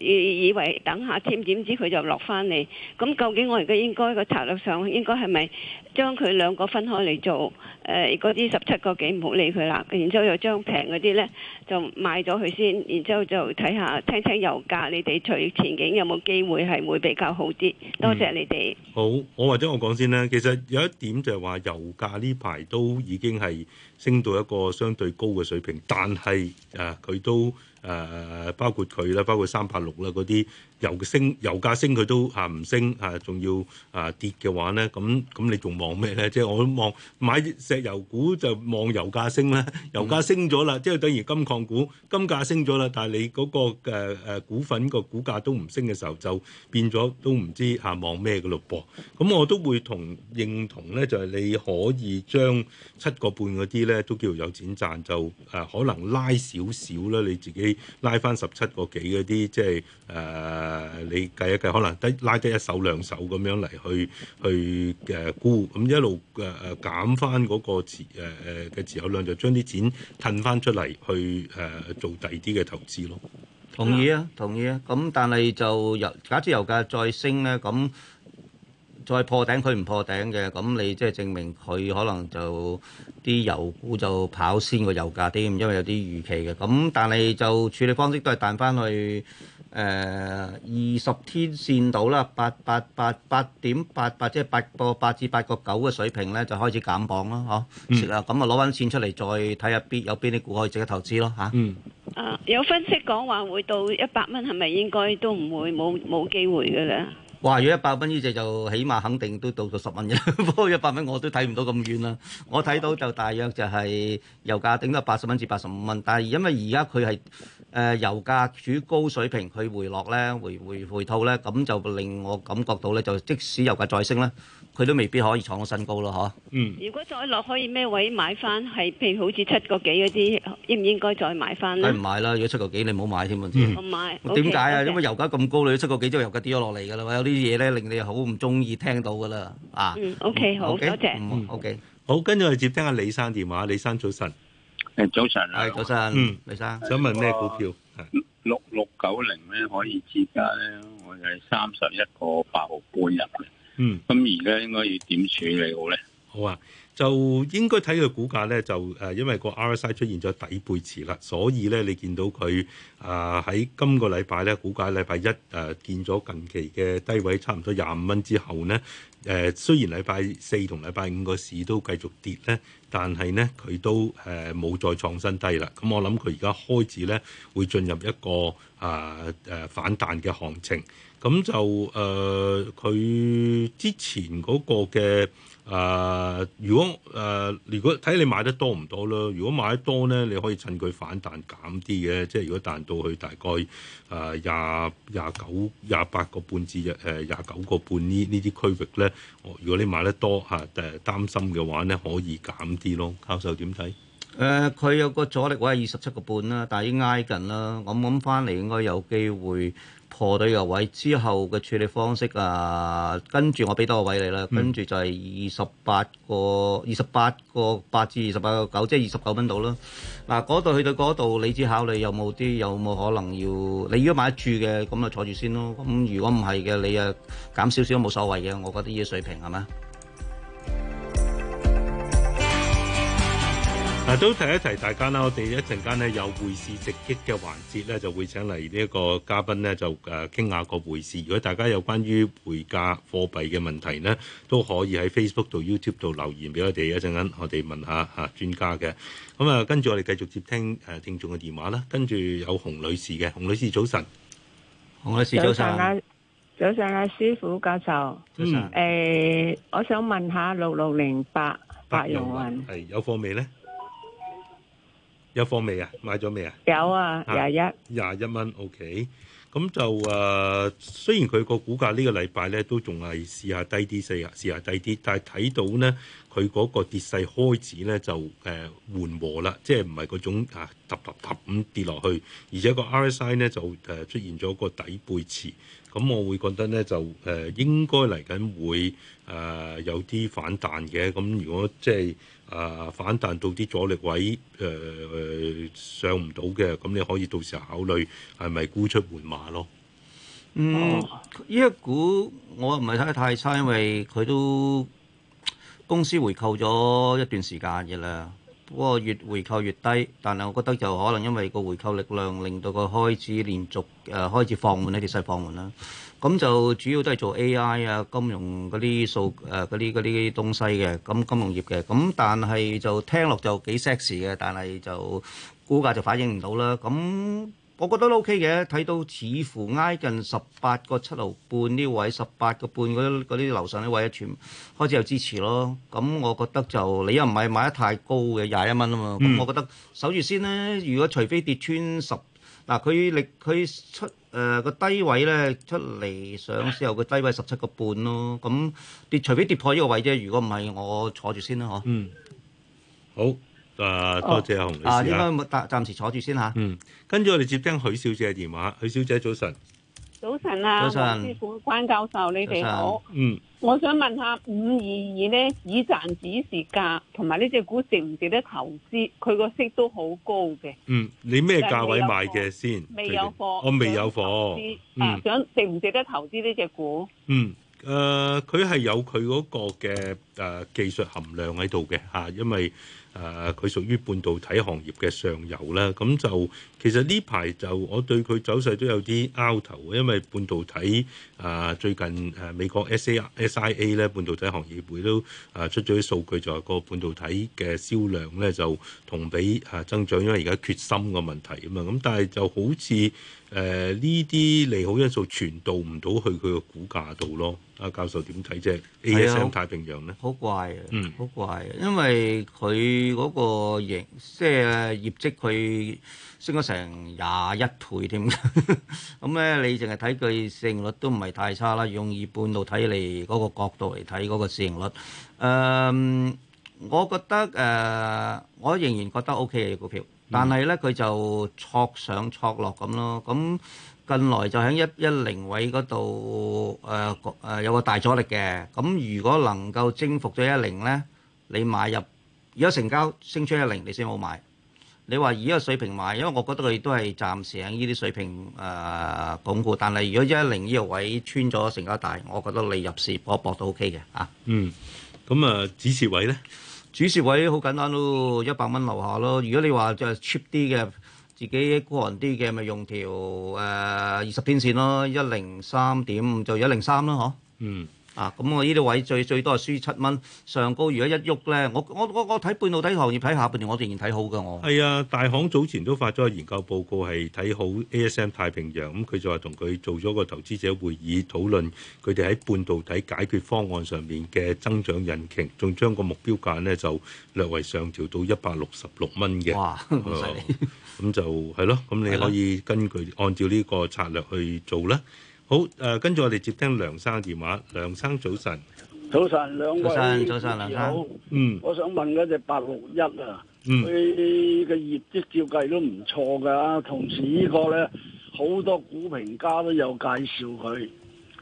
以以為等下添，點知佢就落翻嚟。咁究竟我而家應該個策略上，應該係咪將佢兩個分開嚟做？誒，嗰啲十七個幾唔好理佢啦。然之後又將平嗰啲呢，就賣咗佢先。然之後就睇下，聽聽油價，你哋除前景有冇機會係會比較好啲？多謝你哋。好，我或者我講先啦。其實有一點就係話，油價呢排都已經係升到一個相對高嘅水平，但係誒佢都。誒、呃，包括佢啦，包括三八六啦，嗰啲。油升，油價升佢都嚇唔升嚇，仲要啊跌嘅話咧，咁咁你仲望咩咧？即係我望買石油股就望油價升啦。油價升咗啦，嗯、即係等於金礦股金價升咗啦，但係你嗰個誒股份個股價都唔升嘅時候，就變咗都唔知嚇望咩嘅咯噃。咁我都會同認同咧，就係、係、你可以將七個半嗰啲咧都叫做有錢賺，就誒可能拉少少啦。你自己拉返十七個幾嗰啲，即係誒。呃誒，你計一計，可能拉低一手兩手咁樣嚟去去嘅沽，咁一路、呃、減翻嗰個持誒嘅持有量，就將啲錢褪翻出嚟去誒、呃、做第二啲嘅投資咯。同意啊，同意啊。咁但係就油，假設油價再升咧，咁再破頂佢唔破頂嘅，咁你即係證明佢可能就啲油股就跑先個油價啲，因為有啲預期嘅。咁但係就處理方式都係彈翻去。誒二十天線到啦，八八八八點八八，即係八個八至八個九嘅水平咧，就開始減磅咯，嗬、嗯嗯。嗯。咁啊，攞翻錢出嚟，再睇下邊有邊啲股可以值得投資咯，嚇。嗯。啊，有分析講話會到一百蚊，係咪應該都唔會冇冇機會㗎啦？話約一百蚊呢隻，就起碼肯定都到到十蚊嘅，不過一百蚊我都睇唔到咁遠啦。我睇到就大約就係油價頂多八十蚊至八十五蚊，但係因為而家佢係誒油價處高水平，佢回落咧，回回回吐咧，咁就令我感覺到咧，就即使油價再升咧。佢都未必可以創到新高咯，嗬？嗯，如果再落可以咩位買翻？係譬如好似七個幾嗰啲，應唔應該再買翻咧？梗唔買啦！如果七個幾，你唔好買添啊！唔買。點解啊？因為油價咁高，你七個幾之後油價跌咗落嚟噶啦，有啲嘢咧令你好唔中意聽到噶啦。啊，嗯，OK，好，多謝。嗯，OK。好，跟住接聽下李生電話。李生早晨。誒，早晨。係早晨。嗯，李生想問咩股票？六六九零咧可以接價咧？我係三十一個八毫半入嘅。嗯，咁而咧，應該要點處理好咧？好啊，就應該睇佢。股價咧，就誒、呃，因為個 RSI 出現咗底背馳啦，所以咧，你見到佢啊喺今個禮拜咧，股價禮拜一誒、呃、見咗近期嘅低位，差唔多廿五蚊之後咧，誒、呃、雖然禮拜四同禮拜五個市都繼續跌咧，但係咧佢都誒冇、呃、再創新低啦。咁、嗯、我諗佢而家開始咧，會進入一個啊誒、呃、反彈嘅行情。咁就誒，佢、呃、之前嗰個嘅誒、呃，如果誒、呃，如果睇你買得多唔多啦。如果買得多咧，你可以趁佢反彈減啲嘅，即係如果彈到去大概誒廿廿九、廿八個半至誒廿九個半呢呢啲區域咧，我、呃、如果你買得多嚇誒、啊，擔心嘅話咧，可以減啲咯。教授點睇？誒、呃，佢有個阻力位係二十七個半啦，但係已經挨近啦，我諗翻嚟應該有機會。破底油位之後嘅處理方式啊，跟住我俾多個位你啦，跟住、嗯、就係二十八個二十八個八至二十八個九，即係二十九蚊度啦。嗱，嗰度去到嗰度，你只考慮有冇啲有冇可能要？你如果買得住嘅，咁咪坐住先咯。咁、嗯、如果唔係嘅，你誒減少少冇所謂嘅。我覺得呢啲水平係咪？啊、都提一提大家啦，我哋一陣間咧有匯市直擊嘅環節呢，就會請嚟呢一個嘉賓呢，就誒傾下個匯市。如果大家有關於匯價貨幣嘅問題呢，都可以喺 Facebook 度、YouTube 度留言俾我哋。一陣間我哋問下啊專家嘅。咁啊，跟住我哋繼續接聽誒聽眾嘅電話啦。跟住有洪女士嘅，洪女士早晨，洪女士早晨，啊早晨啊，早晨啊，師傅教授，早晨。誒、嗯欸，我想問下六六零八百融雲，係有貨未呢？有貨未啊？買咗未啊？有啊，廿一，廿一蚊。OK，咁就誒、啊，雖然佢個股價個呢個禮拜咧都仲係試下低啲四啊，試下低啲，但係睇到咧，佢嗰個跌勢開始咧就誒、呃、緩和啦，即係唔係嗰種啊突突突咁跌落去，而且個 RSI 咧就誒、呃、出現咗個底背馳。咁我會覺得咧就誒、呃、應該嚟緊會誒、呃、有啲反彈嘅。咁如果即係誒反彈到啲阻力位誒、呃呃、上唔到嘅，咁你可以到時候考慮係咪沽出換馬咯。嗯，呢一股我唔係睇得太差，因為佢都。公司回購咗一段時間嘅啦，不過越回購越低，但係我覺得就可能因為個回購力量令到佢開始連續誒、呃、開始放緩咧，跌勢放緩啦。咁就主要都係做 AI 啊、金融嗰啲數誒嗰啲嗰啲東西嘅，咁金融業嘅。咁但係就聽落就幾 sexy 嘅，但係就股價就反映唔到啦。咁我覺得都 OK 嘅，睇到似乎挨近十八個七毫半呢位，十八個半嗰啲樓上呢位全，全開始有支持咯。咁我覺得就你又唔係買得太高嘅，廿一蚊啊嘛。咁、嗯、我覺得守住先咧。如果除非跌穿十、啊，嗱佢力佢出誒個、呃、低位咧出嚟，上之後個低位十七個半咯。咁跌除非跌破呢個位啫。如果唔係，我坐住先啦，嗬。嗯。好。誒，多謝啊，洪、啊嗯、小姐。啊，應該冇，暫暫時坐住先吓。嗯，跟住我哋接聽許小姐嘅電話。許小姐早晨，早晨安啊，早晨安！關教授，你哋好。嗯，我想問下五二二咧，以賺止市價，同埋呢隻股值唔值得投資？佢個息都好高嘅。嗯，你咩價位買嘅先？未有貨。我便、哦、未有貨。想、嗯啊、值唔值得投資呢隻股？嗯。誒，佢係、呃、有佢嗰個嘅誒、呃、技術含量喺度嘅嚇，因為誒佢、啊、屬於半導體行業嘅上游啦。咁就其實呢排就我對佢走勢都有啲 out 頭，因為半導體誒、啊、最近誒美國 S I A、S I A 咧半導體行業會都誒出咗啲數據，就係個半導體嘅銷量咧就同比誒增長，因為而家缺芯嘅問題啊嘛。咁但係就好似，誒呢啲利好因素傳導唔到去佢個股價度咯，阿教授點睇啫？A S M 太平洋咧，好怪啊，好怪、嗯、好怪！因為佢嗰個營即係業績，佢升咗成廿一倍添。咁咧，你淨係睇佢市盈率都唔係太差啦。用以半導體嚟嗰個角度嚟睇嗰個市盈率，誒、嗯，我覺得誒、呃，我仍然覺得 O K 嘅股票。但係咧，佢就挫上挫落咁咯。咁近來就喺一一零位嗰度，誒、呃、誒、呃、有個大阻力嘅。咁如果能夠征服咗一零咧，你買入；如果成交升出一零，你先好買。你話而家水平買，因為我覺得佢都係暫時喺呢啲水平誒鞏、呃、固。但係如果一一零呢個位穿咗成交大，我覺得你入市搏一搏都 O K 嘅。啊，嗯，咁啊、呃，止蝕位咧？主視位好簡單咯，一百蚊樓下咯。如果你話就係 cheap 啲嘅，自己孤寒啲嘅，咪用條誒二十天線咯，一零三點就一零三啦，嗬、啊。嗯。啊，咁我呢啲位最最多係輸七蚊，上高如果一喐咧，我我我我睇半導體行業，睇下半年我仍然睇好㗎，我係啊，大行早前都發咗個研究報告係睇好 ASM 太平洋，咁佢就話同佢做咗個投資者會議討論佢哋喺半導體解決方案上面嘅增長引擎，仲將個目標價呢就略為上調到一百六十六蚊嘅。哇，咁、呃、 就係咯，咁你可以根據按照呢個策略去做啦。好誒，跟、呃、住我哋接聽梁生嘅電話。梁生早晨，早晨，兩位早晨早晨，梁生，好，嗯，我想問嗰隻八六一啊、嗯，佢嘅業績照計都唔錯噶，同時個呢個咧好多股評家都有介紹佢，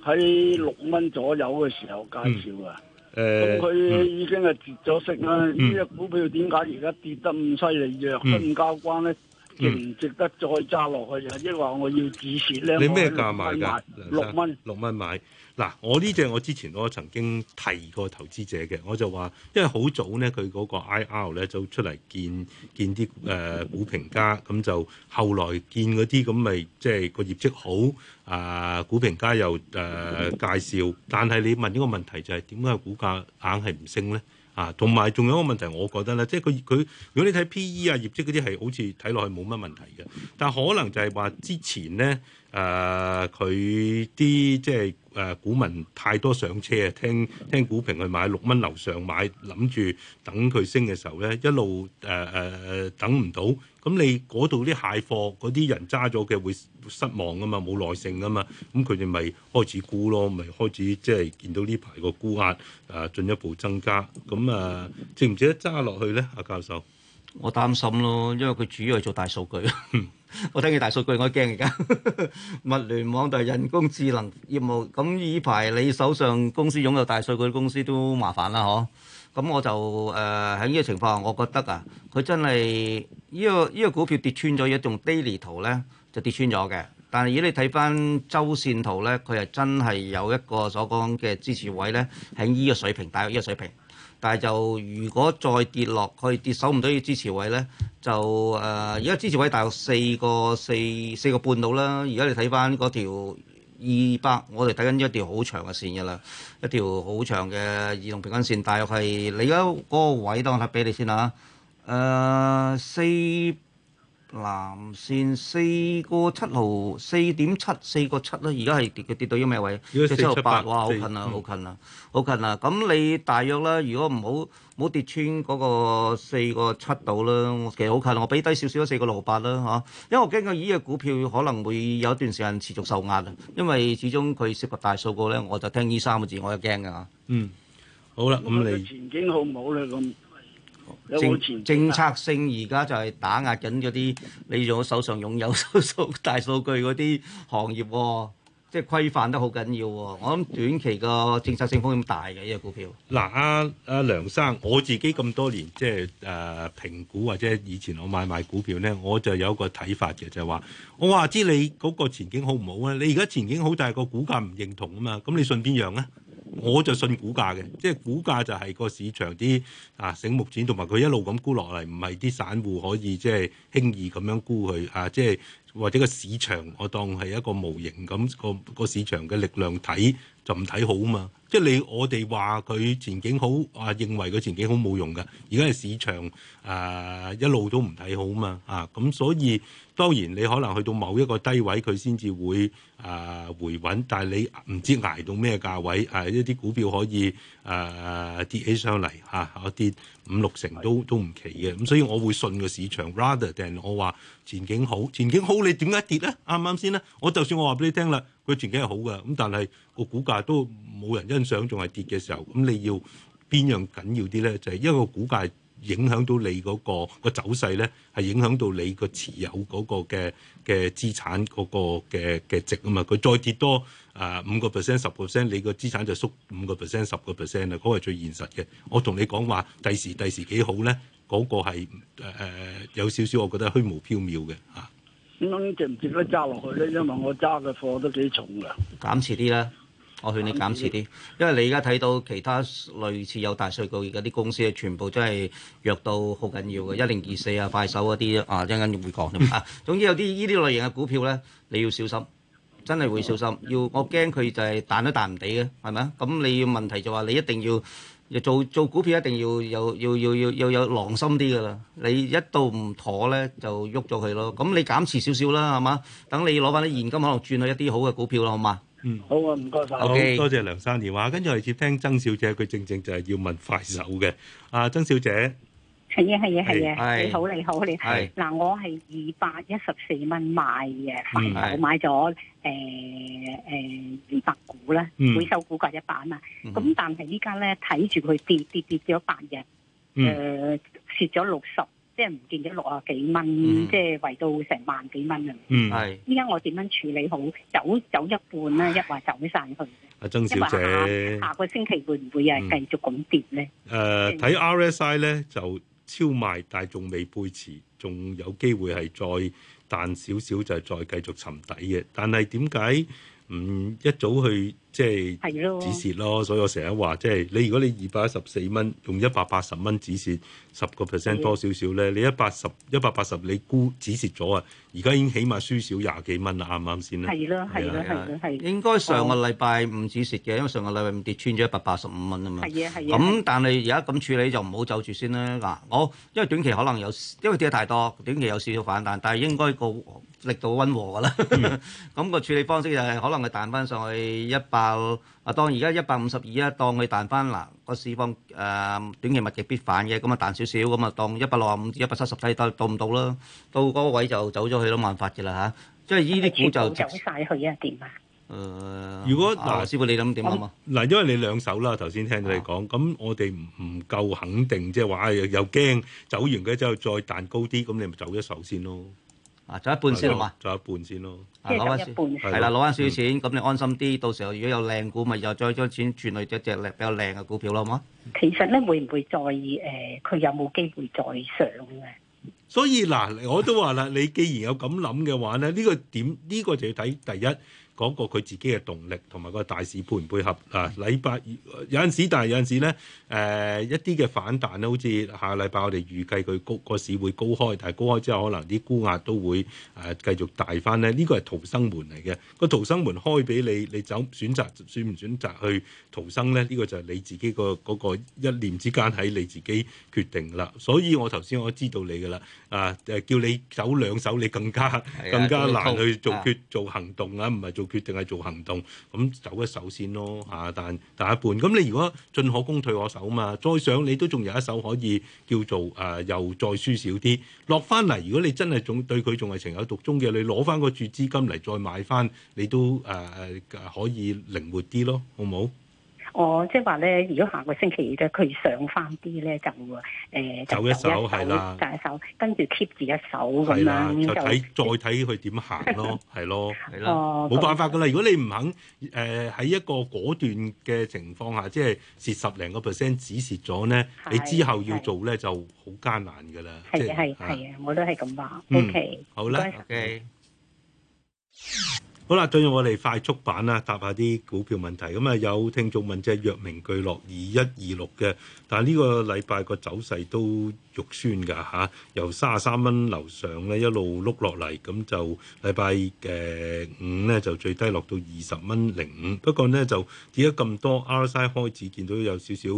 喺六蚊左右嘅時候介紹啊。誒、嗯、咁、呃、佢已經係跌咗息啦。呢隻、嗯、股票點解而家跌得咁犀利嘅？弱得咁交關咧？嗯.唔、嗯、值得再揸落去啊！即係話我要止蝕咧，你咩價買噶？六蚊，六蚊買。嗱，我呢隻我之前我曾經提過投資者嘅，我就話，因為好早咧，佢嗰個 I R 咧就出嚟見見啲誒、呃、股評家，咁就後來見嗰啲咁咪即係個業績好啊、呃，股評家又誒、呃、介紹，但係你問呢個問題就係點解股價硬係唔升咧？啊，同埋仲有一個問題，我覺得咧，即係佢佢如果你睇 PE 啊業績嗰啲係好似睇落去冇乜問題嘅，但可能就係話之前咧。誒佢啲即係誒股民太多上車啊，聽聽股評去買六蚊樓上買，諗住等佢升嘅時候咧，一路誒誒誒等唔到，咁你嗰度啲蟹貨嗰啲人揸咗嘅會失望啊嘛，冇耐性啊嘛，咁佢哋咪開始估咯，咪開始即係、就是、見到呢排個沽壓誒進一步增加，咁啊、uh, 值唔值得揸落去咧，阿教授？我擔心咯，因為佢主要係做大數據, 據。我聽佢大數據，我驚而家物聯網同人工智能業務咁呢排，你手上公司擁有大數據公司都麻煩啦，嗬？咁我就誒喺呢個情況，我覺得啊，佢真係呢、這個呢、這個股票跌穿咗，用 daily 圖咧，就跌穿咗嘅。但係如果你睇翻周線圖咧，佢係真係有一個所講嘅支持位咧，喺呢個水平，大概呢個水平。但係就如果再跌落去，跌手唔到要支持位咧，就誒，而、呃、家支持位大概四個四四個半到啦。而家你睇翻嗰條二百，我哋睇緊一條好長嘅線嘅啦，一條好長嘅移動平均線。大約係你而家嗰個位，等我睇俾你先嚇。誒、呃、四。藍線四個七毫四點七四個七啦，而家係跌跌到咗咩位？四七六八，哇！好 4, 4, 近啊，好、嗯、近啊，好近啊！咁你大約啦，如果唔好唔跌穿嗰個四個七度啦，其實好近，我俾低少少四個六八啦嚇。因為我驚緊依嘅股票可能會有一段時間持續受壓，因為始終佢涉及大數個咧，我就聽呢、e、三個字，我就驚㗎、啊。嗯，好啦，咁你前景好唔好咧咁？政政策性而家就係打壓緊嗰啲你用手上擁有數大數據嗰啲行業，即係規範得好緊要喎。我諗短期個政策性風險大嘅呢隻股票。嗱，阿阿梁生，我自己咁多年即係誒評估或者以前我買賣股票咧，我就有個睇法嘅，就係話我話知你嗰個前景好唔好咧？你而家前景好，但係個股價唔認同啊嘛。咁你信邊樣啊！我就信股價嘅，即係股價就係個市場啲啊醒目錢同埋佢一路咁沽落嚟，唔係啲散戶可以即係輕易咁樣沽佢啊！即係或者個市場我當係一個模型咁個個市場嘅力量睇就唔睇好啊嘛！即係你我哋話佢前景好啊，認為佢前景好冇用噶，而家係市場啊一路都唔睇好啊嘛！啊咁所以。當然，你可能去到某一個低位，佢先至會啊、呃、回穩，但係你唔知捱到咩價位，誒、呃、一啲股票可以誒、呃、跌起上嚟嚇，一、啊、跌五六成都都唔奇嘅。咁所以，我會信個市場，rather than 我話前景好，前景好，你點解跌咧？啱啱先咧，我就算我話俾你聽啦，佢前景係好嘅，咁但係個股價都冇人欣賞，仲係跌嘅時候，咁你要邊樣緊要啲咧？就係、是、一個股價。影響到你嗰個個走勢咧，係影響到你個持有嗰個嘅嘅資產嗰個嘅嘅值啊嘛！佢再跌多啊五個 percent 十個 percent，你個資產就縮五個 percent 十個 percent 啦。嗰個係最現實嘅，我同你講話第時第時幾好咧，嗰個係誒、呃、有少少，我覺得虛無縹緲嘅嚇。咁值唔值得揸落去咧，因為我揸嘅貨都幾重噶，減持啲啦。我勸你減持啲，因為你而家睇到其他類似有大數據而家啲公司啊，全部真係弱到好緊要嘅，一零二四啊、快手嗰啲啊，一陣間會講 啊，總之有啲呢啲類型嘅股票咧，你要小心，真係會小心。要我驚佢就係彈都彈唔嚟嘅，係咪啊？咁你要問題就話你一定要做做股票一定要有要要要又有狼心啲㗎啦。你一到唔妥咧就喐咗佢咯。咁你減持少少啦，係嘛？等你攞翻啲現金可能轉去一啲好嘅股票咯，好嘛？嗯，mm. 好啊，唔該晒，Okay. 好多謝梁生電話，跟住嚟接聽曾小姐，佢正正就係要問快手嘅，阿、啊、曾小姐，係啊係啊係啊，你好你好你，嗱我係二百一十四蚊買嘅快手，買咗誒誒二百股啦，mm. 呃呃、股每手股價一百嘛，咁、mm. 但係依家咧睇住佢跌跌跌咗八日，誒蝕咗六十。即係唔見咗六十幾蚊，即係維到成萬幾蚊啊！嗯，係依家我點樣處理好？走走一半咧，一話走曬去。阿曾小姐，下下個星期會唔會係繼續咁跌咧？誒，睇 RSI 咧就超賣，但係仲未背馳，仲有機會係再彈少少，就係再繼續沉底嘅。但係點解唔一早去？即係止蝕咯，所以我成日話即係你如果你二百一十四蚊用一百八十蚊止蝕，十個 percent 多少少咧，你一百十一百八十你估止蝕咗啊！而家已經起碼輸少廿幾蚊啦，啱唔啱先咧？係咯，係咯，係咯，係。應該上個禮拜唔止蝕嘅，因為上個禮拜，個禮拜跌穿咗一百八十五蚊啊嘛。係啊，係啊。咁但係而家咁處理就唔、啊、好走住先啦。嗱，我因為短期可能有因為跌太多，短期有少少反彈，但係應該個力度温和㗎啦。咁、嗯、 個處理方式就係可能係彈翻上去一百。啊！啊，當而家一百五十二啊，當佢彈翻，嗱，個市況，誒，短期物極必反嘅，咁啊彈少少，咁啊當一百六十五至一百七十睇到到唔到啦，到嗰個位就走咗去都冇辦法嘅啦吓。即係呢啲股就走晒去啊，點啊？誒，如果嗱，師傅你諗點好啊？嗱，因為你兩手啦，頭先聽到你講，咁那我哋唔唔夠肯定，即係話又又驚走完嘅之後再彈高啲，咁你咪走一手先咯。啊，就一半先咯嘛，就的吧一半先咯，攞翻、啊、先，係啦，攞翻少錢，咁的你安心啲。到時候如果有靚股，咪又再將錢轉去一隻靚比較靚嘅股票咯，係嘛。其實咧會唔會再誒，佢、呃、有冇機會再上啊？所以嗱，我都話啦，你既然有咁諗嘅話咧，呢 個點呢、呢個就要睇第一。嗰個佢自己嘅動力同埋個大市配唔配合啊！禮拜有陣時，但係有陣時咧，誒、呃、一啲嘅反彈咧，好似下個禮拜我哋預計佢高個市會高開，但係高開之後可能啲沽壓都會誒、啊、繼續大翻咧。呢、這個係逃生門嚟嘅，個逃生門開俾你，你走選擇選唔選擇去逃生咧？呢、這個就係你自己個嗰、那個一念之間喺你自己決定噶啦。所以我頭先我知道你噶啦，啊誒叫你走兩手，你更加、啊、更加難去做決、啊、做行動啊，唔係做。決定係做行動，咁走一手先咯嚇，但但一半。咁你如果進可攻退可守嘛，再上你都仲有一手可以叫做誒、呃，又再輸少啲。落翻嚟，如果你真係仲對佢仲係情有獨鍾嘅，你攞翻個注資金嚟再買，翻，你都誒誒、呃、可以靈活啲咯，好冇？我即係話咧，如果下個星期咧佢上翻啲咧，就會誒走一手係啦，大手跟住 keep 住一手咁樣。係嘛，就睇再睇佢點行咯，係咯，係啦，冇辦法噶啦。如果你唔肯誒喺一個果斷嘅情況下，即係蝕十零個 percent，止蝕咗咧，你之後要做咧就好艱難噶啦。係嘅，係係啊，我都係咁話。O K，好啦，O K。好啦，進入我哋快速版啦，答下啲股票問題。咁、嗯、啊，有聽眾問即係藥明巨落二一二六嘅，但係呢個禮拜個走勢都肉酸㗎吓、啊，由三十三蚊樓上咧一路碌落嚟，咁就禮拜嘅五咧就最低落到二十蚊零五。不過咧就跌咗咁多。RSI 開始見到有少少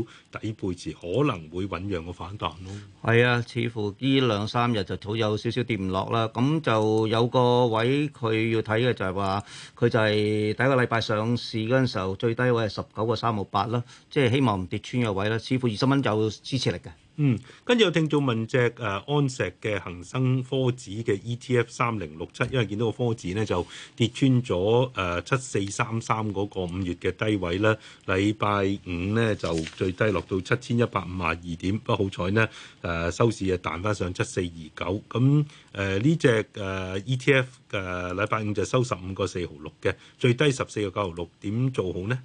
底背馳，可能會醞釀個反彈咯。係啊，似乎呢兩三日就好有少少跌唔落啦。咁就有個位佢要睇嘅就係話。佢就係第一個禮拜上市嗰陣時候，最低位係十九個三毫八啦，即係希望唔跌穿個位啦，似乎二十蚊有支持力嘅。嗯，跟住有聽眾問隻誒、啊、安石嘅恒生科指嘅 ETF 三零六七，因為見到個科指咧就跌穿咗誒七四三三嗰個五月嘅低位咧，禮拜五咧就最低落到七千一百五十二點，不過好彩呢誒、呃、收市又彈翻上七四二九，咁誒呢隻誒 ETF 誒禮拜五就收十五個四毫六嘅，最低十四個九毫六，點做好呢？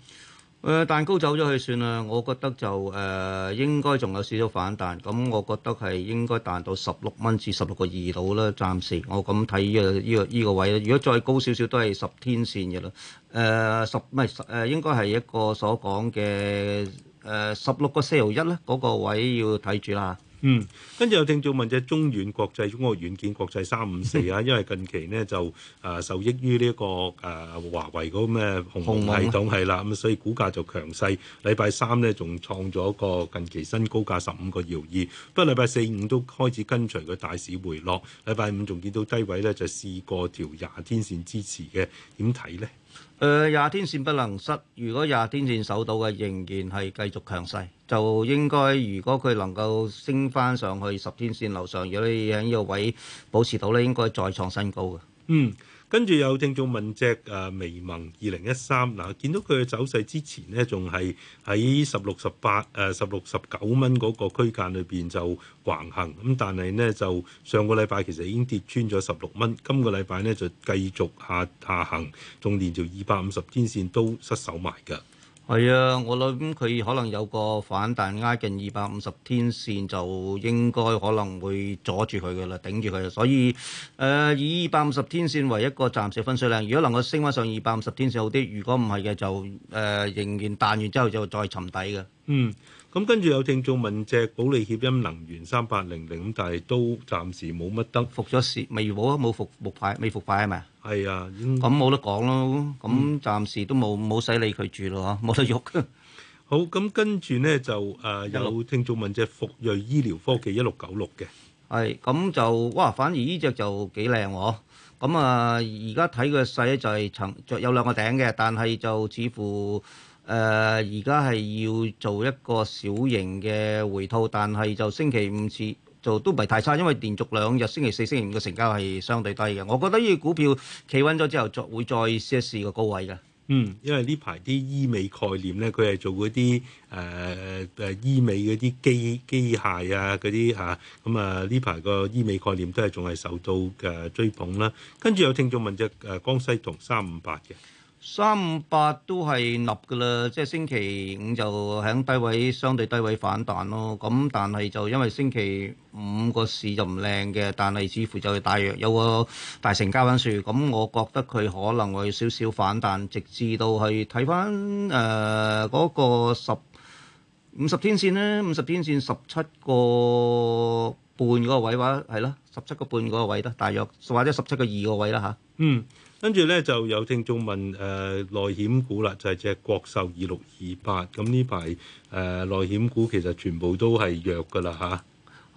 誒蛋糕走咗去算啦，我覺得就誒、呃、應該仲有少少反彈，咁我覺得係應該彈到十六蚊至十六個二度啦，暫時我咁睇呢個依、呢個依、呢個位啦。如果再高少少都係十天線嘅啦，誒、呃、十唔係十誒應該係一個所講嘅誒十六個四一咧，嗰、嗰個位要睇住啦。嗯，跟住有聽眾問隻中軟國際中國軟件國際三五四啊，因為近期呢就誒、呃、受益於呢、這個誒、呃、華為嗰咩鴻蒙系統係啦，咁蒙所以股價就強勢。禮拜三呢仲創咗個近期新高價十五個兆二，不過禮拜四五都開始跟隨個大市回落。禮拜五仲見到低位呢，就試過條廿天線支持嘅，點睇呢？誒、呃，廿天線不能失，如果廿天線守到嘅，仍然係繼續強勢。就應該，如果佢能夠升翻上去十天線樓上，如果你喺呢個位保持到咧，應該再創新高嘅。嗯，跟住有聽眾問隻誒、啊、微盟二零一三，嗱，見到佢嘅走勢之前呢，仲係喺十六十八誒十六十九蚊嗰個區間裏邊就橫行，咁但係呢，就上個禮拜其實已經跌穿咗十六蚊，今個禮拜呢就繼續下下行，仲連住二百五十天線都失守埋㗎。係啊，我諗佢可能有個反彈，挨近二百五十天線就應該可能會阻住佢㗎喇，頂住佢啊。所以誒、呃，以二百五十天線為一個暫時分水嶺，如果能夠升返上二百五十天線好啲；如果唔係嘅，就誒、呃、仍然彈完之後就再沉底嘅。嗯。咁跟住有聽眾問隻保利協鑫能源，三八零零，咁但係都暫時冇乜得，復咗市未？冇啊，冇復木牌，未復牌係咪啊？係啊，咁冇得講咯，咁暫時都冇冇使理佢住咯，嚇冇得喐。好，咁跟住呢就誒有聽眾問隻復銳醫療科技，一六九六嘅。係，咁就哇，反而呢隻就幾靚喎。咁啊，而家睇個細就係層，就有兩個頂嘅，但係就似乎。誒而家係要做一個小型嘅回吐，但係就星期五次就都唔係太差，因為連續兩日星期四、星期五嘅成交係相對低嘅。我覺得呢個股票企穩咗之後，再會再試一試個高位嘅。嗯，因為呢排啲醫美概念咧，佢係做嗰啲誒誒醫美嗰啲機機械啊，嗰啲嚇咁啊，呢排個醫美概念都係仲係受到誒追捧啦。跟住有聽眾問隻誒、呃、江西銅三五八嘅。三五八都係立嘅啦，即係星期五就喺低位，相對低位反彈咯。咁但係就因為星期五個市就唔靚嘅，但係似乎就係大約有個大成交緊樹。咁我覺得佢可能會少少反彈，直至到去睇返誒嗰個十五十天線咧。五十天線十七個半嗰個位話係咯，十七個半嗰個位啦、啊，大約或者十七個二個位啦嚇、啊。嗯。跟住咧就有聽眾問誒、呃、內險股啦，就係、是、隻國壽二六二八，咁呢排誒內險股其實全部都係弱噶啦嚇。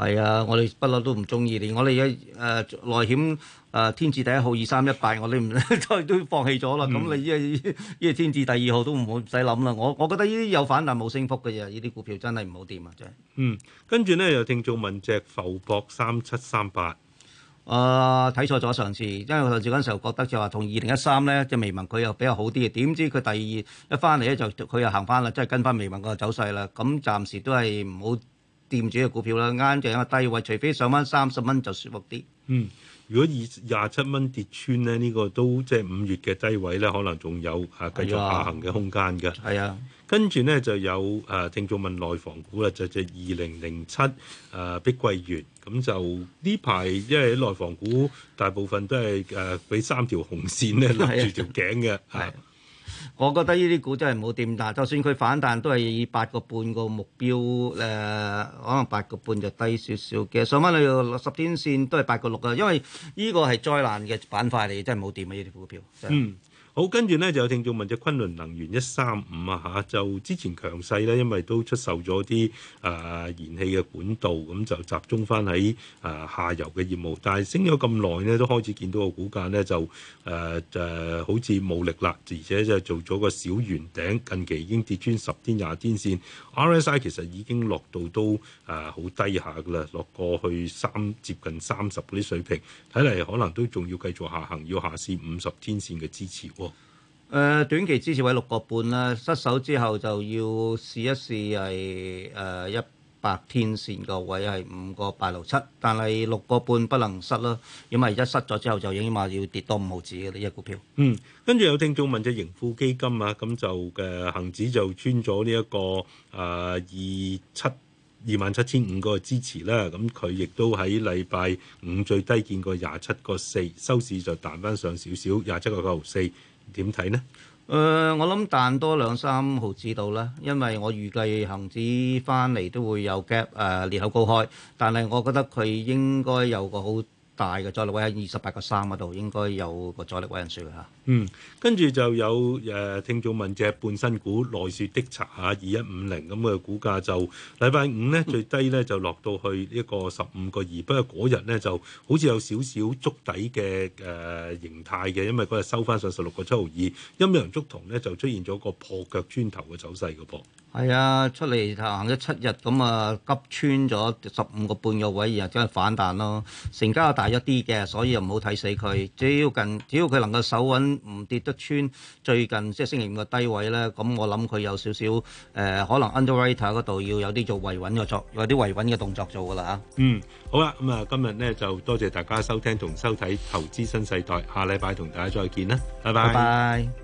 係啊，啊，我哋不嬲都唔中意你，我哋而家誒內險誒、呃、天字第一號二三一八，我哋唔都都放棄咗啦。咁、嗯、你呢個呢個天字第二號都唔好使諗啦。我我覺得呢啲有反彈冇升幅嘅啫。呢啲股票真係唔好掂啊！真、就是。嗯，跟住咧又聽眾問隻浮博三七三八。我睇錯咗上次，因為我上次嗰陣時候覺得就話同二零一三咧，即係微盟佢又比較好啲嘅，點知佢第二一翻嚟咧就佢又行翻啦，即係跟翻微盟個走勢啦。咁暫時都係唔好掂住個股票啦，啱就因個低位，除非上翻三十蚊就舒服啲。嗯。如果二廿七蚊跌穿咧，呢、這個都即係五月嘅低位咧，可能仲有啊繼續下行嘅空間嘅。係啊、哎呀，跟住咧就有誒、呃，聽眾問內房股啦，就就二零零七誒碧桂園咁就呢排，因為內房股大部分都係誒俾三條紅線咧立住條頸嘅。係。的我覺得呢啲股真係冇掂，但就算佢反彈都係以八個半個目標誒、呃，可能八個半就低少少嘅，上返去十天線都係八個六呀，因為呢個係災難嘅板塊嚟，真係冇掂啊呢啲股票。真好，跟住咧就有聽眾問隻崑崙能源一三五啊嚇，就之前強勢咧，因為都出售咗啲誒燃氣嘅管道，咁就集中翻喺誒下游嘅業務。但係升咗咁耐咧，都開始見到個股價咧就誒誒、呃、好似冇力啦，而且就做咗個小圓頂，近期已經跌穿十天、廿天線。RSI 其實已經落到都誒好、呃、低下噶啦，落過去三接近三十啲水平，睇嚟可能都仲要繼續下行，要下試五十天線嘅支持。誒、uh, 短期支持位六個半啦，失守之後就要試一試係誒一百天線個位係五個八六七，但係六個半不能失啦，因為一失咗之後就已經話要跌多五毫子嘅呢隻股票。嗯，跟住有聽眾問隻盈富基金啊，咁就誒恆、uh, 指就穿咗呢一個誒二七二萬七千五個支持啦，咁佢亦都喺禮拜五最低見過廿七個四，收市就彈翻上少少，廿七個九四。點睇呢？誒、呃，我諗彈多兩三毫子度啦，因為我預計恆指翻嚟都會有 gap 誒、呃，裂口高開，但係我覺得佢應該有個好大嘅阻力位喺二十八個三嗰度，應該有個阻力位人說，嚇。嗯，跟住就有誒、呃、聽眾問隻半新股奈雪的茶，下二一五零咁嘅股價就禮拜五呢，最低呢就落到去一個十五個二，不過嗰日呢就好似有少少觸底嘅誒、呃、形態嘅，因為嗰日收翻上十六個七毫二，陰陽燭同呢就出現咗個破腳穿頭嘅走勢嘅噃。係、那個、啊，出嚟行咗七日咁啊，急穿咗十五個半個位，然後即係反彈咯，成交大一啲嘅，所以又唔好睇死佢。最近只要佢能夠守穩，唔跌得穿最近即係星期五嘅低位咧，咁我諗佢有少少誒、呃，可能 underwriter 嗰度要有啲做維穩嘅作，有啲維穩嘅動作做噶啦嚇。嗯，好啦，咁啊，今日咧就多謝大家收聽同收睇《投資新世代》，下禮拜同大家再見啦，拜拜。Bye bye.